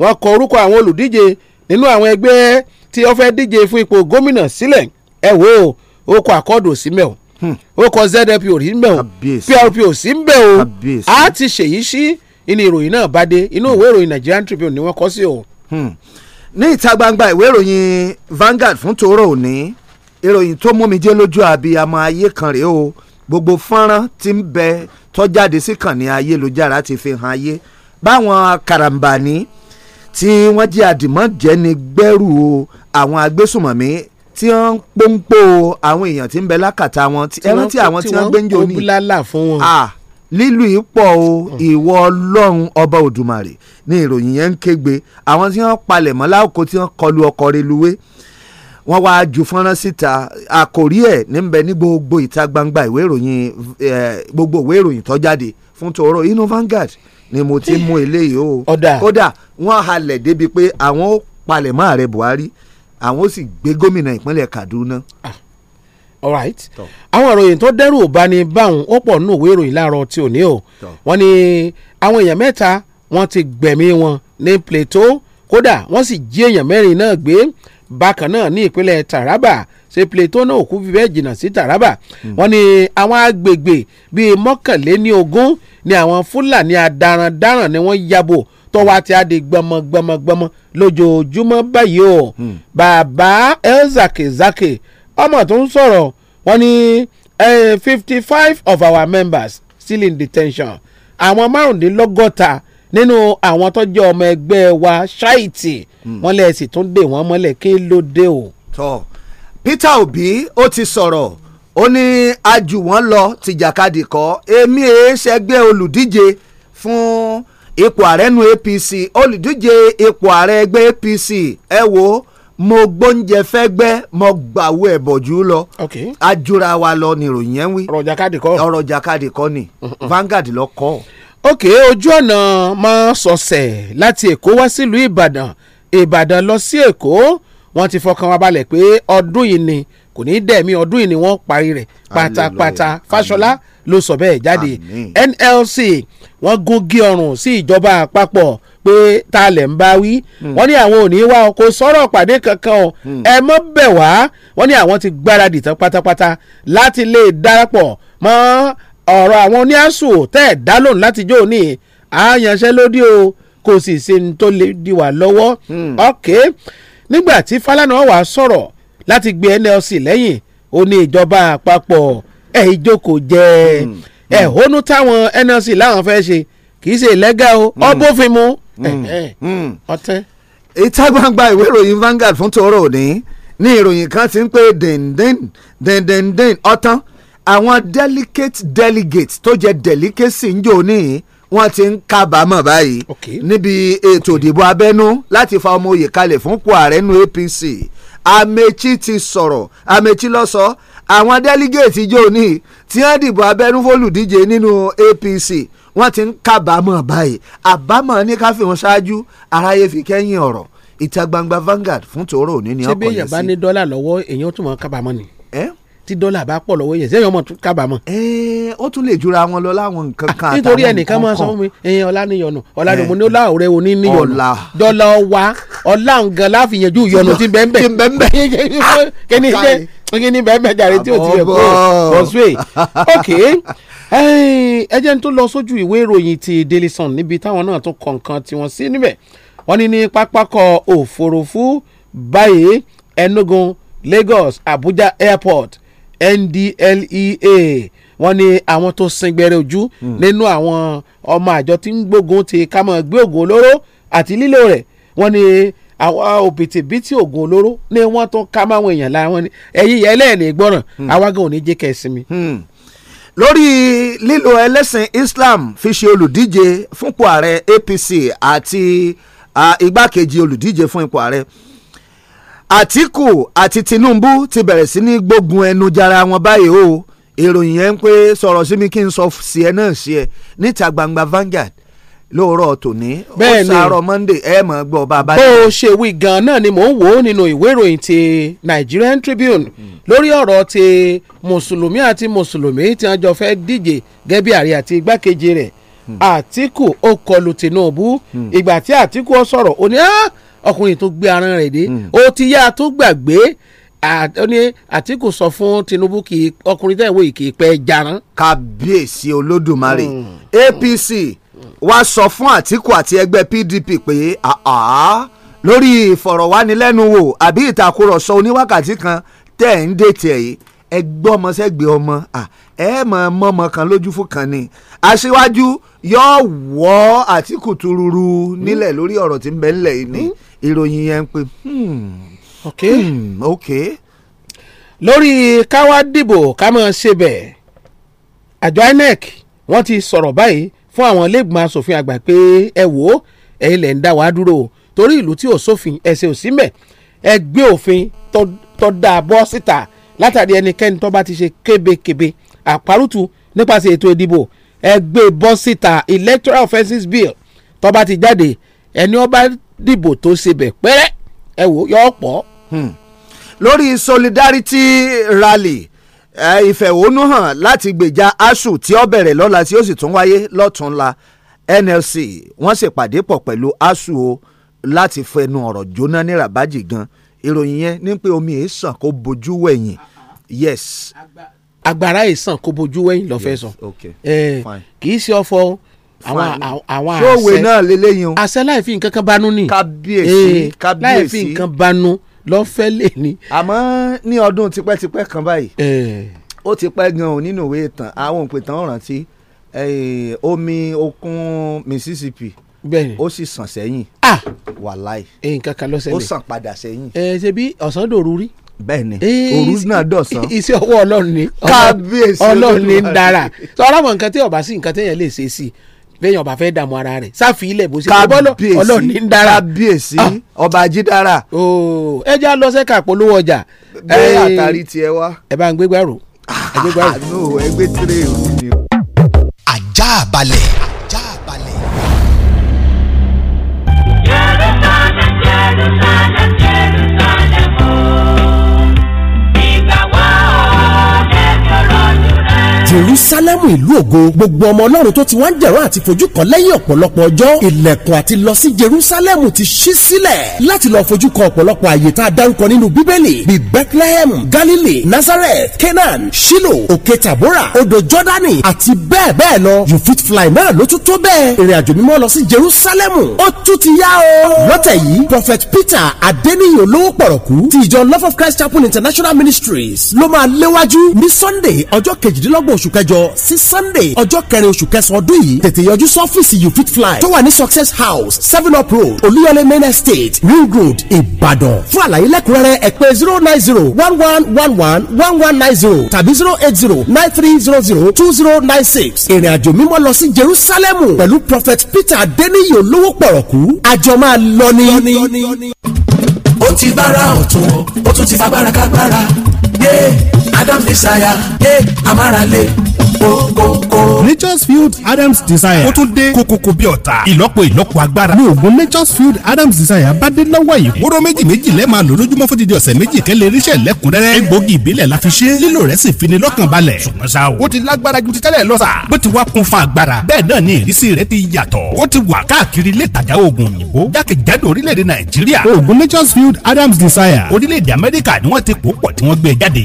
wọ́n kọ orúkọ àwọn olùdíje nínú àwọn ẹgbẹ́ tí wọ́n fẹ́ díje fún ipò gómìnà sílẹ̀ ẹ wò ó ó kọ àkọọ́dù sí mẹ́wọ̀n hmm. ó kọ zdp ò rí mbẹ́ o prp ò sí mbẹ́ o a ti ṣèyí sí inú ìròyìn náà bá dé inú ìwé hmm. ìròyìn Nigerian Tribune ni wọ́n kọ sí o. Hmm. ní ìta gbangba ìwé ìròyìn Vanguard fún tòórọ́ òní ìròyìn tó mú mi jẹ́ lójú abiyamọ ayé kan rèé o gbogbo fọ́nrán tí ń bẹ tó jáde ayélujára ti fi hàn ayé báwọn karambani tí wọ́n jẹ́ àdìmọ́jẹ́ni gbẹ́rù àwọn agbésùmọ̀mí tí wọ́n ń pọ́npọ́ àwọn èèyàn tí ń bẹ lákàtà wọn ẹran tí àwọn tí wọ́n gbé ń jò ní lílù ipò o ìwọ ọlọ́run ọba òdùmarè ni ìròyìn yẹn ń kégbe àwọn tí wọ́n palẹ̀ mọ́ láòkó tí wọ́n kọlu ọkọ̀ reluwé wọ́n wá ju fọ́nrán síta àkòrí ẹ̀ níbẹ̀ ní gbogbo ìta gbangba ìwé ìròyìn gbogbo ìwé ìròyìn tó jáde fún tòórọ́ inú Vanguard ni mo ti mú eléyìí o kódà wọ́n halẹ̀ débi pé àwọn ó palẹ̀ mọ́ ààrẹ Buhari àwọn ó sì gbé gómìnà ìpínlẹ̀ Kaduna. Ah, alright àwọn ìròyìn tó dẹ́rù bá ní báwọn ó pọ̀ nínú ìwé ìròyìn láàárọ̀ tí ò ní o wọ́n ní àwọn èèyàn mẹ́ta wọ́n ti gbẹ̀mí wọn ní Plateau kódà wọ́n sì jí èèyàn mẹ́rin náà gbé bákan náà ní ìpínlẹ̀ Taraba ṣe plato náà kú fi bẹ́ẹ̀ jìnnà sí Taraba hmm. wọ́n ní àwọn agbègbè bíi mọ́kànléní ogún ni àwọn Fúlàní adarandaran ni wọ́n yabo tọ́wọ́ àti adé gbọmọgbọmọgbọmọ lójoojúmọ́ báyìí o hmm. bàbá Elzakezake ọmọ tó ń sọ̀rọ̀ wọ́n ní fifty five of our members still in detention àwọn márùndínlọ́gọ́ta nínú àwọn tó jẹ́ ọmọ ẹgbẹ́ wa ṣáìtì hmm. wọ́n lẹ̀ sì tún dè wọ́n mọ́lẹ̀ kí ló dé o. tọ́ Peter Obi ó ti sọ̀rọ̀ ó ní ajù wọ́n lọ tìjàkadì kọ́ èmi èé ṣẹgbẹ́ olùdíje fún ipò ààrẹ nu APC olùdíje ipò ààrẹ ẹgbẹ́ APC ẹ wo mo gbóúnjẹ fẹ́ gbẹ́ mo gbàwó ẹ̀bọ̀jú lọ ajura wa lọ ni ìròyìn yẹn wí ọ̀rọ̀ jàkadì kọ́ ọ̀rọ̀ jàkadì kọ́ ni Vanguard lọ kọ́. ok ojú ọ̀nà máa sọ̀sẹ̀ láti Èkó wá sílùú Ìbàdàn Ìbàdàn lọ sí Èkó. Si wọ́n ti fọkàn wa balẹ̀ pé ọdún yìí ni kò ní dẹ̀mí ọdún yìí ni wọ́n parí rẹ̀ pátápátá Fáṣọlá ló sọ bẹ́ẹ̀ jáde NLC wọ́n gúngi ọrùn sí ìjọba àpapọ̀ pé ta lẹ̀ ń bá wí hmm. wọ́n ní àwọn ò ní wá ọkọ̀ sọ̀rọ̀ pàdé kankan o hmm. ẹ mọ́ bẹ̀ wá wọ́n ní àwọn ti gbáradì tán pátápátá láti lè darapọ̀ mọ́ ọ̀rọ̀ àwọn oníàsù tẹ́ ẹ̀ dá lóhùn láti jó ní àyànṣẹ́lódì o kò sì ṣe ní tó lè di wà lọ́wọ́ ọ̀kẹ́. Hmm. Okay nígbà tí Fálànà wà sọ̀rọ̀ láti gbé NLC lẹ́yìn ó ní ìjọba àpapọ̀ ẹ̀ ìjókòó jẹ́ hmm. ẹ̀hónú táwọn NLC láwọn fẹ́ ṣe kì í ṣe lẹ́gà o hmm. ọbófin mu hmm. ọtẹ. ìta gbangba ìwé ìròyìn Vanguard fún tòró òní ní ìròyìn kan ti ń pè dèndén dèndéndén ọtán àwọn delicate delegates tó jẹ delicacy ń jò níyìn wọ́n ti ń kábàámọ̀ báyìí níbi ètò ìdìbò abẹ́nú láti fa ọmọ oyè kalẹ̀ fún kó ààrẹ nu APC Amechi ti sọ̀rọ̀ Amechi ló sọ àwọn délígéètì jóòní tí wọ́n dìbò abẹ́nú fólùdíje nínú APC wọ́n ti ń kábàámọ̀ báyìí àbámọ̀ ní ká fi wọn ṣáájú aráyé fi kẹ́yìn ọ̀rọ̀ ìta gbangba Vanguard fún tòórọ́ òní ni ọkọ̀ yẹn sí. ṣé bí èèyàn bá ní dọ́là lọ́wọ́ èèyàn tún mọ̀ kábàámọ̀ ni tí dọ́là bá pọ̀ lọ́wọ́ yẹn sẹ́yìn ọmọ tún kábàámọ̀. ẹẹ ó tún lè jura wọn lọ láwọn nǹkan kan ah, àtàwọn nǹkan kan nítorí ẹnìkan máa sọ fún mi ẹyin ọlá níyọnu ọlá ni mo ní ọlá ọ̀rẹ́ òní níyọnu dọ́là wa ọlá nǹkan láfìyànjú ìyọnu ti bẹ́ẹ̀ kí ni bẹ́ẹ̀ bẹ́ẹ̀ jàre tí o ti yẹ kó ọ̀sùn ok ẹ jẹ́ n tó lọ sójú ìwé ìròyìn ti Daily Sun níbi táwọn náà tún kọ̀ọ̀kan tiwọn sí níbẹ̀ wọ́n ní ní pápákọ̀ òfurufú báyìí Enugu Lagos Abuja airport NDLEA wọ́n ní àwọn tó sin gbẹ̀rẹ̀ ojú hmm. nínú àwọn ọmọ àjọ tí ń gbógun ti ká má gbé oògùn olóró àti lílò rẹ̀ wọ́n ní àwọn òbítíbitì oògùn olóró ni wọ́n tó ká máwọn èèyàn lára wọn ni ẹ̀yin yẹn lẹ́ẹ̀lẹ́ gbọ́ràn hmm. awágan ò ní jẹ́ kẹ́sìmí. Hmm. lórí lílo ẹlẹ́sìn Islam fi ṣe olùdíje fúnpọ̀ ààrẹ APC àti igbákejì olùdíje fún ipò ààrẹ Àtìkù àti Tinubu ti bẹ̀rẹ̀ sí ní gbógun ẹnu jara wọn báyìí o ìròyìn yẹn ń pé sọ̀rọ̀ sí mi kí n sọ sí ẹ náà sí ẹ níta gbangba Vanguard lóòrọ̀ tòní ó sàárọ̀ Monday ẹ mọ̀ gbọ́ bàbá. bó o ṣe wí gan náà ni mò ń wò ó nínú ìwé ìròyìn ti Nigerian Tribune hmm. lórí ọ̀rọ̀ ti mùsùlùmí àti mùsùlùmí tí wọ́n jọ fẹ́ díje gẹ́gẹ́ bí àti igbákejì rẹ̀ àtìkù ó kọlù tìǹbù hmm. ìgbà tí àtìkù ó sọ̀rọ̀ ó ní ọkùnrin tó gbé aran rẹ̀ dé hmm. ó ti yá tó gbàgbé ó ní àtìkù sọ fún tinubu kì í ọkùnrin tẹ̀ wò kì í pẹ́ jaran. kábíyèsí olódùmarè hmm. apc wá sọ fún àtìkù àti ẹgbẹ́ pdp pé lórí ìfọ̀rọ̀wánilẹ́nuwò àbí ìtàkùrọ̀sọ oníwákàtí kan tẹ̀ ń dètè yìí ẹgbẹ́ ọmọ sẹ́gbẹ́ ọmọ ẹ mọ̀ mọ́mọ kan lójú fún kan ni aṣíwájú yóò wọ́ àtìkù tururu nílẹ̀ hmm. lórí ọ̀rọ̀ tí ń bẹ nílẹ̀ yìí ni hmm. ìròyìn yẹn ń hmm, ok hmm, ok. lórí káwá dìbò ká mọ̀ ṣe bẹ́ẹ̀ àjọ INEC wọ́n ti sọ̀rọ̀ báyìí fún àwọn ilégbèmọ̀ asòfin àgbà pé ẹ wò ó ẹ̀yin lẹ̀ ń dá wàá dúró torí ìlú tí ò sófin ẹ̀sẹ̀ ò ẹ gbé òfin tó dáa bọ́ síta. Si látàrí ẹnikẹ́ni tó bá ti ṣe kébékébé àparùtù nípasẹ̀ ètò ìdìbò ẹgbẹ́ bọ́ síta electoral offences bill tó bá ti jáde ẹni ó bá dìbò tó ṣe bẹ̀ pẹ́rẹ́ ẹ wò yọ pọ̀. Hmm. lórí solidarity rally ìfẹ̀hónúhàn eh, láti gbèjà ASUU tí ó bẹ̀rẹ̀ lọ́la tí ó sì tún wáyé lọ́túnla NLC wọ́n ṣèpàdé pọ̀ pẹ̀lú ASUU o láti fẹnu ọ̀rọ̀ jóná ní rabaji gan-an ìròyìn yẹn ní pé omi èèsàn kò bojú wẹ̀yìn yes. agbára èèsàn kò bojú wẹ̀yìn lọ́fẹ́ sọ kì í ṣe ọ̀fọ̀ o àwọn àwọn àṣẹ ṣòwe náà lélẹ́yìn o àṣẹ láì fi nǹkan kan banú ni kábíyèsí kábíyèsí láì fi nǹkan banú lọ́fẹ́ lè ní. àmọ́ ní ọdún tipẹ́tipẹ́ kan báyìí ó ti pẹ́ gan-an nínú ìwé ìtàn àwọn òǹpìtàn ọ̀rántí omi òkun Mississippi bẹ́ẹ̀ni ó sì sàn sẹ́yìn ah wàláì eh, nǹkan kan ló ṣẹlẹ̀ ó sàn padà sẹ́yìn. ẹ eh, ṣe bí ọ̀sán dòru rí. bẹ́ẹ̀ni eh, òru náà dọ̀sán. iṣẹ́ ọwọ́ ọlọ́run ni kábíyèsí ọlọ́run ni ń dára sọ ọ́nàmọ̀ nǹkan tí ọba sí nǹkan téèyàn lè ṣe sí i bẹ́ẹ̀yàn ọba fẹ́ dààmú ara rẹ̀ sáfì ilẹ̀ bó ṣe bọ́lọ̀ ọlọ́run ni ń dára. kábíyèsí ọba jídára. ẹ já lọ sẹ́ka polówó ọjà. bẹ́ẹ̀ àtàrí tiẹ̀ wá. ẹ bá ń gbégbá you. jerusalem ìlú ògo gbogbo ọmọ ọlọ́run tó ti wá ń jẹ̀rọ àti fojú kan lẹ́yìn ọ̀pọ̀lọpọ̀ ọjọ́ ilẹ̀kùn àti lọ sí jerusalem ti ṣí sílẹ̀ láti lọ fojú kan ọ̀pọ̀lọpọ̀ àyè tá a dárúkọ nínú bíbélì bíi bethlehem galilee nazareth canaan Shilo, òkè tabora odò jordani àti bẹ́ẹ̀ bẹ́ẹ̀ lọ you fit fly náà ló tún tó bẹ́ẹ̀ ìrìn àjò mímọ́ lọ sí jerusalem ó tún ti yá o lọ́tẹ̀ yìí prophet peter adeniyi olówó pọ̀rọ̀kú ti ìjọ love of christ chapel international ministries ló máa léwájú ní sunday ọjọ́ kejìdínlọ́gbọ̀n oṣù oṣù kẹjọ sí sunday ọjọ́ kẹrin oṣù kẹsàn ọdún yìí tètè yọjú sọ́fíìsì you fit fly tó wà ní success house seven up road olúyọlé main estate ring road ìbàdàn fún àlàyé lẹ́kùnrẹ́rẹ́ ẹ pè zero nine zero one one one one one one nine zero tàbí zero eight zero nine three zero zero two zero nine six ìrìn àjò mímọ́ lọ sí jerusalem pẹ̀lú prophet peter adeniyi olówó pọ̀rọ̀kú àjọ máa lọ ní. ó ti bára ọ̀tún ó tún ti fagbára kágbára Yeah Adams Desire yé amárale kókókó. Nature's Field Adams Desire. ó tún dé kókókó bí ọ̀tá. ìlọ́po ìlọ́po agbára. ní oògùn Nature's Field Adams Desire bá dé lọ́wọ́ yìí. wóró méjì méjì lẹ́ẹ̀ máa lò lójúmọ́ fún dídí ọ̀sẹ̀ méjì kẹ́lẹ́ ríṣẹ́ lẹ́kùnrẹ́rẹ́. egbògi ìbílẹ̀ la fi ṣe. lílò rẹ̀ sì fini lọ́kàn balẹ̀. ṣùgbọ́n sa o. ó ti lágbára ju ti tẹ́lẹ̀ lọ sa. bó ti wá kún fún agbára. bẹ́ẹ̀ náà ni ìrísí rẹ̀ ti yàtọ̀. ó ti wà káàkiri ilé ìtajà oògùn òyìnbó. jákèjádò orílẹ̀-èdè Nàìjíríà. oògùn Nature's Field Adams Desire. orílẹ̀-èdè Amẹ́ríkà ni wọ́n ti pò pọ̀ tí wọ́n gbé e jáde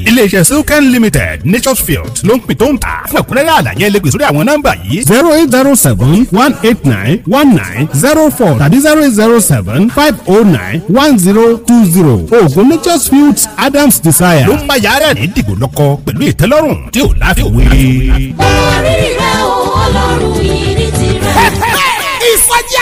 silken limited nature's field ló ń pin tó ń tà fún ẹ̀kúnrẹ́rẹ́ àlàyé ẹlẹ́gbẹ̀ẹ́ sórí àwọn nọ́mbà yìí. zero eight zero seven one eight nine one nine zero four tàbí zero eight zero seven five oh nine one zero two zero oògùn nature's field adams desire. ló ń bá yàrá ní dìgbò lọ́kọ pẹ̀lú ìtẹ́lọ́rùn tí ò láfi òwe. orí rẹ̀ o ọlọ́run yìí ní tirẹ̀. ìfọ̀j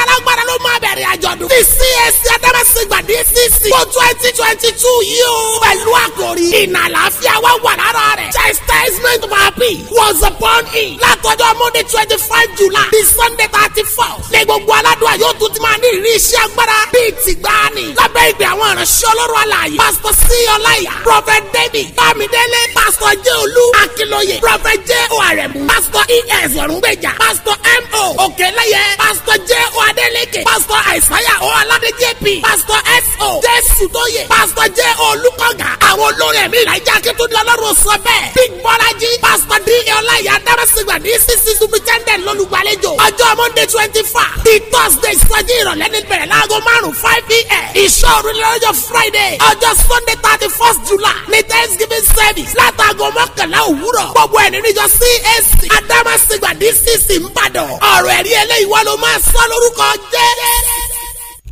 ọdún ti CAC e Adamasingba DCC for twenty twenty two yìí o pẹ̀lú àkòrí ìnàlàáfíà wa wà lára rẹ̀ chastisement of our peace was born in látọjọ́ Monday twenty five July the Sunday thirty four ní gbogbo aládùn àyè òtún ti máa ní ìrírí iṣẹ́ agbára bíi tìgbàanì lábẹ́ ìgbé àwọn ìránṣẹ́ ọlọ́run àlàyé pásítọ̀ sí ọláyà prophet david bámidélé pásítọ̀ jẹ́ olú akínlóye prophet jẹ́ òàrẹ̀mú pásítọ̀ es ọ̀rùngbèjà pásítọ̀ mo òkèléyẹ pásítọ̀ jẹ́ òadélèké pásítọ̀ àìsàn Josiah O. Aládé JP. Pastor S.O. Jésù Tóyè. Pastor J. Olúkọ̀gà. Àwọn olórin ẹ̀mí ìlàjà Akíntúndé Ọlọ́run sọ bẹ́ẹ̀. Big Bọ́lájí. Pastor D. Ọláyà Dárásígbà ní CC Superintendent lọ́lùgbàlejò. Ọjọ́ Monday twenty five. The Thursday ìsọjí ìrọ̀lẹ́ ní bẹ̀rẹ̀ láago márùn-ún five pm. Ìṣòro lọ́jọ́ Friday. Ọjọ́ Sunday thirty first July ní Thanksgiving service. Látàgọ́ mọ́kànlá òwúrọ̀. Gbogbo ẹ̀ nínú ìjọ CAC. Adámásígbà DCC ń bàdàn. Ọ̀rọ̀ ẹ̀rí ẹlẹ́yìí wá ló máa sọ lórúkọ Jésù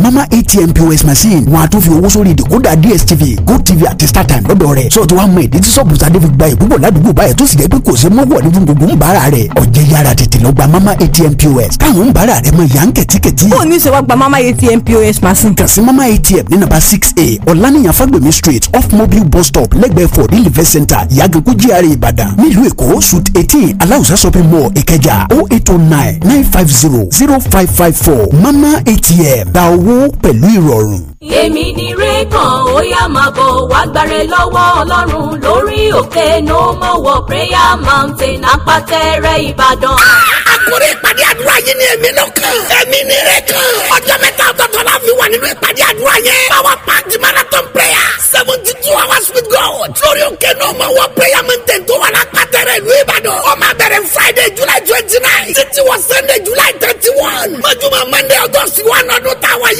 mama atm pos machine wọn a tún fi owó sórí ìdìkúdà dstv gotv àti startime lọ́dọ̀ rẹ̀ sọ ti wá mọ ìdí tí sọ́ọ̀bù sadé fi gba ìbúbọ̀ ládùúgbò báyìí tó sì jẹ́ pé kò sí mọ́wọ́ ní fún gbogbo ń bára rẹ̀ ọ̀jẹ̀ yára tètè lọ gba mama atm pos káwọn ń bára rẹ̀ mọ ìyá ń kẹ̀tíkẹ̀tí. ó ní ṣe wá gba mama atm pos machine. kàn sí mama atm ní nàbà six a ọ̀lànìyàn fagbemi street off mobile bus stop lẹ́gbẹ̀ẹ́ for the live center ìyàgànkú gr ìbàdàn nílùú èkó suit eighteen aláwùsá shopping mall ìkẹjà o oh eight o oh nine nine five zero zero five five four mama atm gba owó owó pẹ̀lú ìrọ̀rùn. èmi ni rékàn ó yá máa bọ̀ wá gbàrẹ́ lọ́wọ́ ọlọ́run lórí òkè no more war prayer mountain apátẹ́rẹ́ ìbàdàn. àkórí ìpàdé àdúrà yìí ni èmi náà kàn. èmi ni rékàn. ọjọ́ mẹ́ta ọ̀tọ̀ọ̀tọ̀ la fi wà nínú ìpàdé àdúrà yẹn. power packed marathon prayer seventy two hours with God. lórí òkè no more war prayer mountain tó wà lápátẹ́rẹ́ ìlú ìbàdàn. ó máa bẹ̀rẹ̀ friday july twenty nine títí wọ sunday july thirty one. mọ́júmọ́ monday august one ọdún táwa y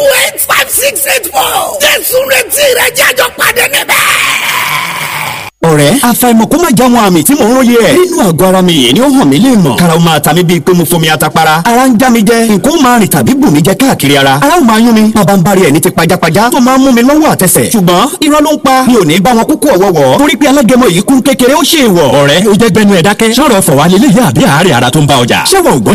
two eight five six eight four. jésù retí rẹ jẹ́ àjọpàdé níbẹ̀ ọ̀rẹ́ àfàìmọ̀ kó má já wọn àmì tí mò ń róye ẹ̀. nínú àgọ́ ara mi yìí ni ó hàn mí lè mọ̀. karaw máa ta mi bíi pé mo fomi atapara. ara ń já mi jẹ nǹkan máa rìn tàbí bù mí jẹ káàkiri ara. ara ò máa yún mi bàbá ń bari ẹ̀ ní ti pajápajá tó máa ń mú mi lọ́wọ́ àtẹsẹ̀. ṣùgbọ́n irọ́ ló ń pa mi ò ní bá wọn kúkú ọ̀wọ́wọ́. torí pé alágẹmọ yìí kún kékeré ó ṣe ìwọ̀. ọ̀rẹ́ o jẹ́ gbẹnu ẹ̀ dákẹ́. sọ̀rọ̀ fọ̀wá lè léyà àbí àárẹ̀ ara tó ń bá ọjà. ṣé wọn ò gbọ́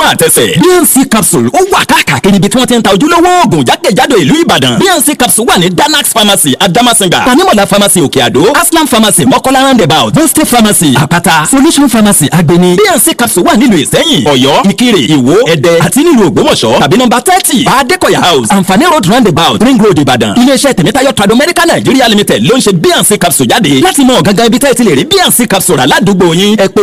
nípa capsule ó wà káàkiri ibi tí wọ́n ti ń ta ojúlówó oògùn jákèjádò ìlú ìbàdàn bnc capsule wà ní danax pharmacy adamasinga tanimola pharmacy òkè àdó aslam pharmacy mọ́kọ́lá roundabout boste pharmacy àpáta solution pharmacy agbeni bnc capsule wà nílùú ìsẹ́yìn ọ̀yọ́ ìkirè ìwó ẹ̀dẹ́ àti nílùú ògbómọ̀ṣọ́ tàbí nọ́mbà thirty adekoya house anfani road roundabout ring road ìbàdàn iléeṣẹ́ tèmítáyọ̀ tradomedical nigeria limited ló ń ṣe bnc capsule jáde láti mọ gangan ibi tẹ́ ẹ ti lè rí bnc capsule aládùúgbò yín ẹ pé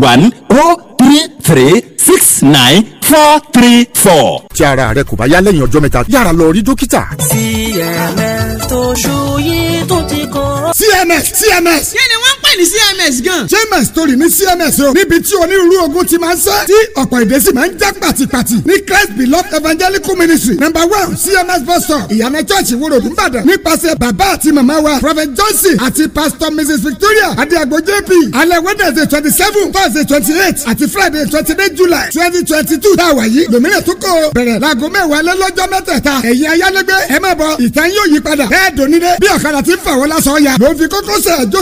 081 0 three three six nine four three four. tí ara rẹ kò bá yá lẹ́yìn ọjọ́ mẹ́ta yára lọ rí dókítà. cms tó ṣú yìí tó ti kọ́. cms cms. kí ni wọ́n bẹ́ẹ̀ ni CMS gan. CMS torí ní CMS o níbi tí onírúurú ogun ti máa ń sẹ́ tí ọ̀pọ̀ èdè sì máa ń já pàtìpàtì ní Christ Beloved Evangelical Ministry number one CMS bus stop ìyànà church ìwòrò nìbàdàn nípasẹ̀ bàbá àti màmá wa Prophet Johnson àti Pastor Mrs Victoria Adiago JP alẹ́ Wednesday twenty seven Thursday twenty eight àti Friday twenty eight July twenty twenty two táwa yìí lòmìnira tó kọ́ bẹ̀rẹ̀ láago mẹ́wàá lọ́jọ́ mẹ́tẹ̀ẹ̀ta ẹ̀yin ayálégbé ẹ má bọ̀ ìtàn yóò yí padà ẹ̀ẹ́dùn nílé bí ọ̀kadà ti ń fà wọ́n lásán ya lòun fi kókó sẹ̀ jó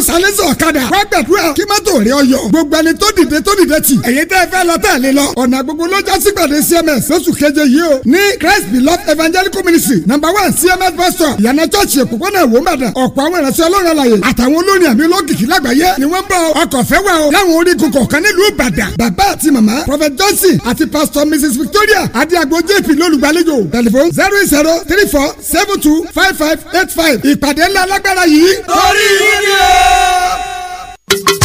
ọ̀kadà padà wá gbàdúrà kí mọ́tò rẹ̀ ọ yọ gbogbo ẹni tó dìde tó dìde tì ẹ̀yin tẹ́ fẹ́ lọ tẹ̀lé lọ ọ̀nà gbogbo ló já sí pàdé cms lóṣù keje yìí o ní christ beloved evangelical ministry number one cms bus stop ìyànà chọ́ọ̀chì òpópónà ìwò mẹ́ta ọ̀pọ̀ àwọn ìránṣẹ́ ọlọ́run àlàyé àtàwọn olórin àmì olókìkí lágbàáyé ni wọ́n bọ̀ ọkọ̀ fẹ́ wà o láwọn orígun kọ̀ọ̀kan nílùú ìbàdàn bàbá àti màmá prophet johnson àti pastor mrs victoria adiago jp lólùgbàlejò telephone zero zero three four seven two five five eight five ìpàdé ńlá alágbára yìí. orí yìí ni o. Thank you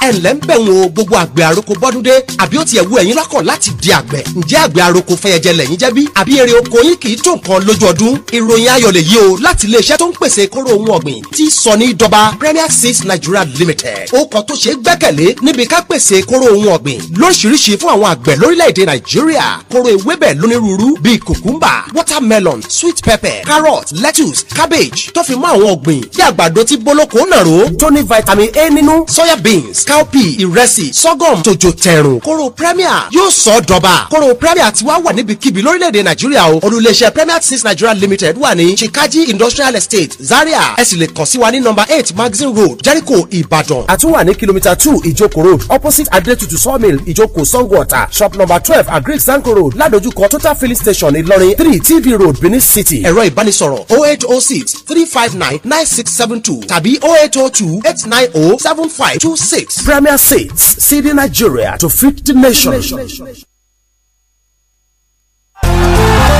ẹ ǹlẹ́ ń bẹ̀ wọn o gbogbo àgbẹ̀ àroko bọ́dúndé àbí ó tiẹ̀ wù ẹ̀yin lọ́kàn láti di àgbẹ̀ ǹjẹ́ àgbẹ̀ àroko fẹyẹjẹ lẹ́yìn jẹ́ bí àbí èrè oko yín kì í tó nǹkan lójú ọdún ìròyìn ayọ̀ lèyí o láti iléeṣẹ́ tó ń pèsè kóró ohun ọ̀gbìn tí sọ ní dọba Premier Six Nigeria Limited ó kàn tó ṣe gbẹ́kẹ̀lé níbi ká pèsè kóró ohun ọ̀gbìn lóríṣiríṣi fún àwọn àgbẹ̀ lórílẹ̀‐èdè Nàìjíríà kóró ewébẹ̀ lónírúurú bíi kùkúmbà watermelon sweet pepper carrot lettuce cabbage tó fi mọ́ àwọn ọ̀gbìn bí àgbàdo tí bólókòó nàró tó ní vitamin A nínú soya beans cowpea ìrẹsì sorghum tòjò tẹ̀rùn kóró premier yóò sọ ọ́ dọba kóró premier ti wá wà níbikíbi lórílẹ̀‐èdè nàìjíríà o olùléṣẹ́ premier tins nigeria limited wà ní chikaji industrial estate zaria ẹ sì lè kàn sí wa ní number eight magazine road jericho ìbàdàn. àtúwà ní kìlómítà two ìjókòó road opposite adetutu sawmill ìjókòó sango shop number twelve agric zanko road ládojúkọ total filling station ìlọrin three tv road benin city. ẹ̀rọ ìbánisọ̀rọ̀ oh eight oh six three five nine nine six seven two tàbí oh eight oh two eight nine oh seven five two six. Leagues Premier Seats seeding Nigeria to fit the nation.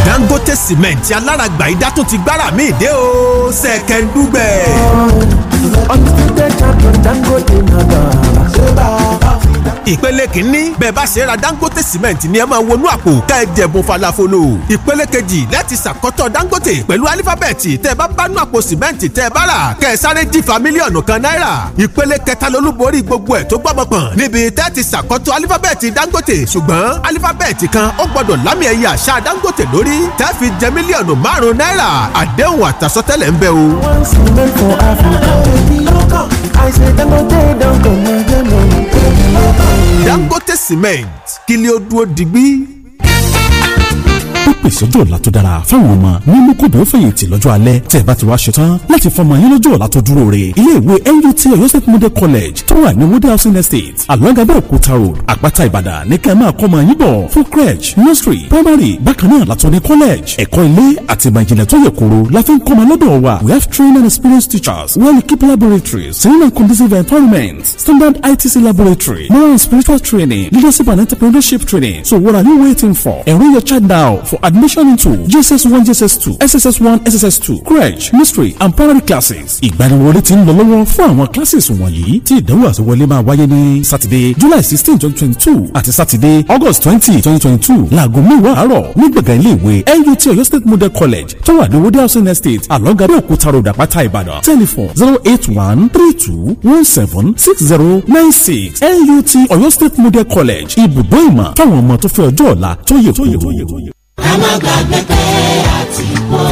Dangote Cement aláràgbà idá tó ti gbára mi dé o ṣẹ̀kẹ̀ndúgbẹ̀. ọ̀nà tó dé champion Dangote náà bá a ìpele kìíní bẹ́ẹ̀ bá ṣe ra dangote cement ni ẹ máa wọnú àpò ká ẹ jẹ̀bùn falafolo ìpele kejì láti ṣàkọ́tọ̀ dangote pẹ̀lú alifábẹ́ẹ̀tì tẹ́ ẹ bá bánú àpò cement tẹ́ ẹ bá rà kẹ́ ẹ sáré jìfà mílíọ̀nù kan náírà ìpele kẹta lolúborí gbogbo ẹ̀ tó gbọ́mọ pọ̀n níbi tẹ́ ti ṣàkọ́tọ̀ alifábẹ́ẹ̀tì dangote ṣùgbọ́n alifábẹ́ẹ̀tì kan ó gbọ́dọ̀ lámì ẹ̀yẹ àṣà dangote lórí tẹ́ fi jẹ mílíọ̀nù márùn-ún náírà àdéhùn àtàsọtẹ́lẹ̀ ń bẹ o. one cement for Africa cement kí lè ó dúró digbí ìpèsèjọ́ ọ̀la tó dára fáwọn ọmọ ní mukudu fẹ̀yìntì lọ́jọ́ alẹ́ tẹ̀ bá ti wá ṣetán láti fọmọ yín lọ́jọ́ ọ̀la tó dúró re ilé ìwé nut ọ̀yọ́ state model college tó wà ní wode housing estate along Abẹ́òkúta road àpáta ìbàdàn ní kẹ́ máa kọ́ ọmọ yín bọ̀ fún crèche nursery primary bákan náà látọ̀ ní college ẹ̀kọ́ ilé àti ìmọ̀ ìjìnlẹ̀ tó yẹ kóró la fi ń kọ́ ọmọ lọ́dọ̀ wa we have trained and experienced teachers well equipped laboratories serene and conducive environment standard itc laboratory moral spiritual training leadership and entrepreneurship training so what are you waiting for enroll your child now for admission admission into jss one, jss two, sss one, sss two, crèche, mystery and primary classes. ìgbaniwọlé ti ń lọ lọ́wọ́ fún àwọn classes wọ̀nyí tí ìdánwò àsewọlé máa wáyé ní Saturday July sixteen twenty twenty two àti Saturday August twenty twenty twenty two láago mẹ́wàá àárọ̀ ní gbọ̀ngàn ilé ìwé NUT Ọ̀yọ́ State Model College tó wà ní Owódé Housing Estate along Abẹ́òkúta road Àpáta Ìbàdàn telephone zero eight one three two one seven six zero nine six NUT Ọ̀yọ́ State Model College ibùdó ìmọ̀ fáwọn ọmọ tó fẹ́ ọjọ́ ọ̀la tó yẹ kó ká má gbàgbé pé àtìkú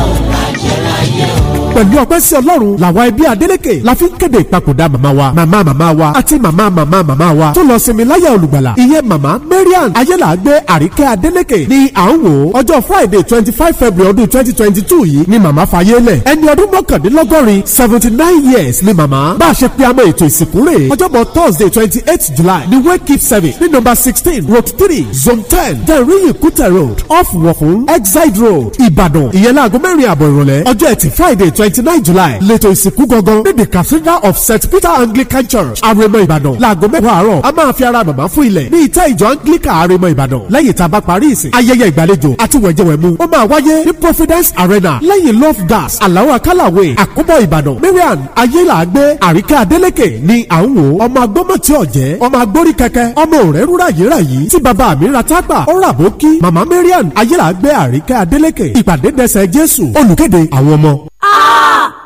pẹ̀lú ọpẹ́ sí ọlọ́run làwa ẹbí Adélékè la fi ń kéde ìpapòdà màmá wa màmá màmá wa àti màmá màmá màmá wa tó lọ sinmi láyà olùgbàlà ìyẹn màmá Marian ayélàgbé àríkẹ́ Adélékè ni à ń wò ọjọ́ Friday twenty five February ọdún twenty twenty two yìí ni màmá fayé lẹ̀ ẹni ọdún mọ́kàndínlọ́gọ́rin seventy nine years ni màmá bá a ṣe pe amọ̀ ètò ìsìnkú rẹ̀ ọjọ́bọ̀ Thursday twenty eight July ni wake keep service ní number sixteen road three zone ten deriyi kute road off wọ̀kún exide road Ìbàdàn ìyẹn láago mẹ́rin àbọ̀ ìrọ̀lẹ́ ọjọ́ ẹtì Friday twenty 29 nine july lẹ́tọ̀ ìsìnkú gangan níbi cathedral of st peter anglican church àrèmọ ìbàdàn láago mẹ́wàá àárọ̀ a máa fi ara màmá fún ilẹ̀ ní ìtẹ́ ìjọ anglican àrèmọ ìbàdàn lẹ́yìn tá a bá parí ìsìn ayẹyẹ ìgbàlejò àti wẹ̀jẹ̀wẹ̀mu ó máa wáyé ní providence arena lẹ́yìn love gas àlàó àkàlàwé àkóbọ̀ ìbàdàn marian ayélàágbé àríkẹ́ adélèké ni à ń wò ọmọ agbọ́mọ̀tì ọ̀jẹ́ ọmọ agbórí kẹ̀kẹ́ ọmọ òrẹ́ rúra yìíra yìí tí bàbá mi ra tágbà ó rà bó kí màmá marian ayélàágbé àríkẹ́ adélèké ìpàdé dẹsẹ̀ jésù olùkéde àwọn ọmọ. 啊！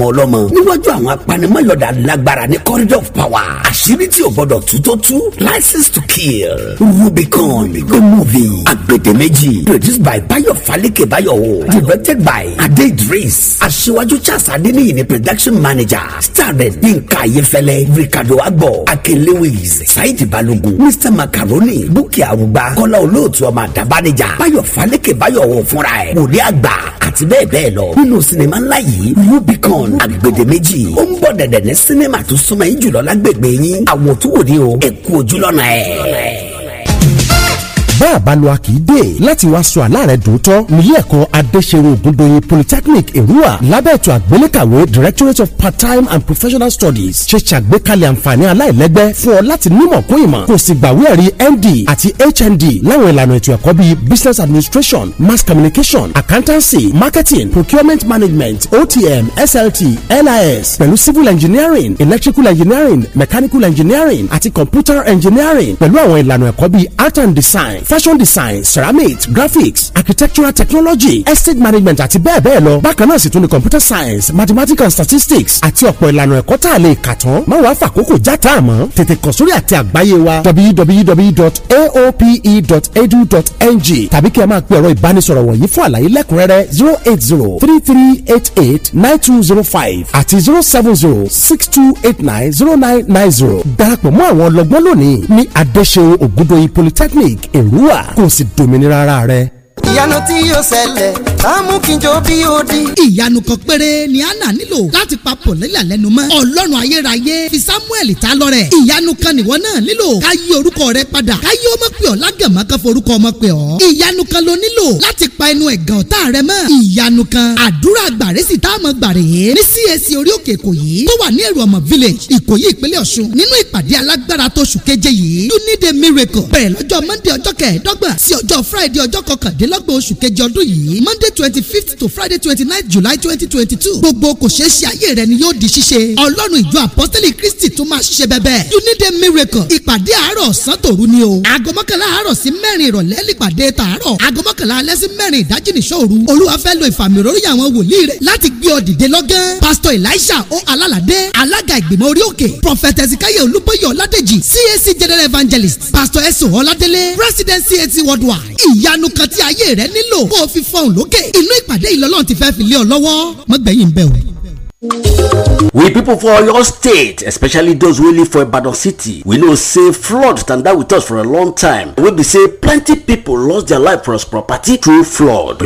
ọmọ ọlọ́mọ níwájú àwọn apanimọ́lọ́dà lágbára ní corridor of power àṣírí tí o gbọ́dọ̀ tú license to kill rubicon the movie agbèdémèjì produced by bayo falike bayo directed by ade idris aṣíwájú charles adeniyi ni production manager starring yinka ayefẹlẹ ricardo agbo akin lewis saidi balogun mr macaroni bukki arugba kọ́lá olóòtú ọmọ àdàbánijà bayo falike bayo wò fúnra ẹ̀ wòlíì àgbà àti bẹ́ẹ̀ bẹ́ẹ̀ lọ nínú sinimá ńlá yìí rubicon márùn-ún àbí gbèdéméjì ó ń bọ̀ dẹ̀dẹ̀ ní sinimá tó súnmọ́ yín jùlọ lágbègbè yín àwòtúwòde o ẹ kú ojú lọ́nà ẹ̀ bá àbálò a kì í dé láti wá sọ àlá rẹ dòótọ́ nílé ẹ̀kọ́ adéṣeré ògùndòyè polytechnic èrúwà lábẹ́ ètò àgbélékàwé directorate of part-time and professional studies ṣe ṣàgbékalẹ̀ àǹfààní aláìlẹ́gbẹ́ fún ọ láti nímọ̀ kún ìmọ̀ kò sì gbàwé ẹ̀rí md àti hnd láwọn ìlànà ètò ẹ̀kọ́ bíi business administration mass communication accountancy marketing procurement management otm slt lis pẹ̀lú civil engineering electrical engineering mechanical engineering àti computer engineering pẹ̀lú àwọn ìlànà ẹ̀kọ́ bíi art and design fashion design ceramics graphics architectural technology estate management àti bẹ́ẹ̀ bẹ́ẹ̀ lọ bákan náà sì tún ní computer science mathematics and statistics àti ọ̀pọ̀ ìlànà ẹ̀kọ́ tá a lè kà tán má wàá fàkókò já tá a tètè kàn sórí àti àgbáyé wa www.aope.edu.ng tàbí kí ẹ máa pe ẹ̀rọ ìbánisọ̀rọ̀ wọ̀nyí fún àlàyé lẹ́kùnrẹ́rẹ́ zero eight zero three three eight eight nine two zero five àti zero seven zero six two eight nine zero nine nine zero darapọ̀ mọ́ àwọn ọlọ́gbọ́n lónìí ní Adéṣeun Ògúndòyí Polytechnic èrò òmùrúwà kò sì dòmìnira ara rẹ ìyanu tí yóò ṣẹlẹ̀ láàmú kí n jó bí ó di. ìyanu kan péré ni anna nílò láti pa pọ̀lẹ́là lẹ́nu mọ́ ọlọ́run ayérayé fi samuel ta lọ́rẹ̀ ìyanu kan nìwọ náà nílò ká yí orúkọ rẹ padà ká yí ọmọ pè ọ́ lágàmọ́ kan forúkọ ọmọ pè ọ́ ìyanu kan ló nílò láti pa ẹnu ẹ̀gàn ọ̀tá rẹ mọ́ ìyanu kan àdúrà gbàrẹ́ sì tá a mọ̀ ní CAC orí òkè ìkòyí tó wà ní èrò ọmọ village ìkòyí ìpínlẹ̀ ọ̀ṣun nínú ìpàdé alágbára tóṣù keje yìí you need a miracle bẹ̀rẹ̀ monday ọjọ́ kẹẹ̀ẹ́dọ́gbọ̀n sí ọjọ́ friday ọjọ́ kọkàndínlẹ́ kọkànlélọ́gbọ̀n oṣù keje ọdún yìí monday twenty fifth to friday twenty nine july twenty twenty two gbogbo kò ṣeé ṣe ayé rẹ ni yóò di ṣíṣe ọlọ́run ìjọ apọ́sítẹ́lì kristi tó máa ṣiṣẹ́ bẹ́bẹ́ you need a miracle ìpàdé àárọ̀ ọ̀sán tòru ni o aago mọ́kànlá àárọ̀ sí mẹ́rin ìrọ̀lẹ́ lìpàdé tààrọ̀ aago mọ́kànlá alẹ́ sí mẹ́rin ìdájí nìṣọ́ òru olúwa fẹ́ lo ìfàmì òrórí àwọn wòlíì rẹ̀ láti gbé elisha o alálàdé alága ìgbìmọ̀ orí òkè prophet ezekiel olúbọyọ ọládèjì cac general evangelist pastor eso ọládélé president cac worldwide ìyanu táyé rẹ nílò kó o fi fọhùn lókè inú ìpàdé ìlọlọ́run ti fẹ́ fi lé ọ lọ́wọ́ mọ́gbẹ̀yìn bẹ́ẹ̀ o. we people for oyo state especially those who live for ibadan city we know say flood stand out with us for a long time We be say plenty people lost their life for us property through flood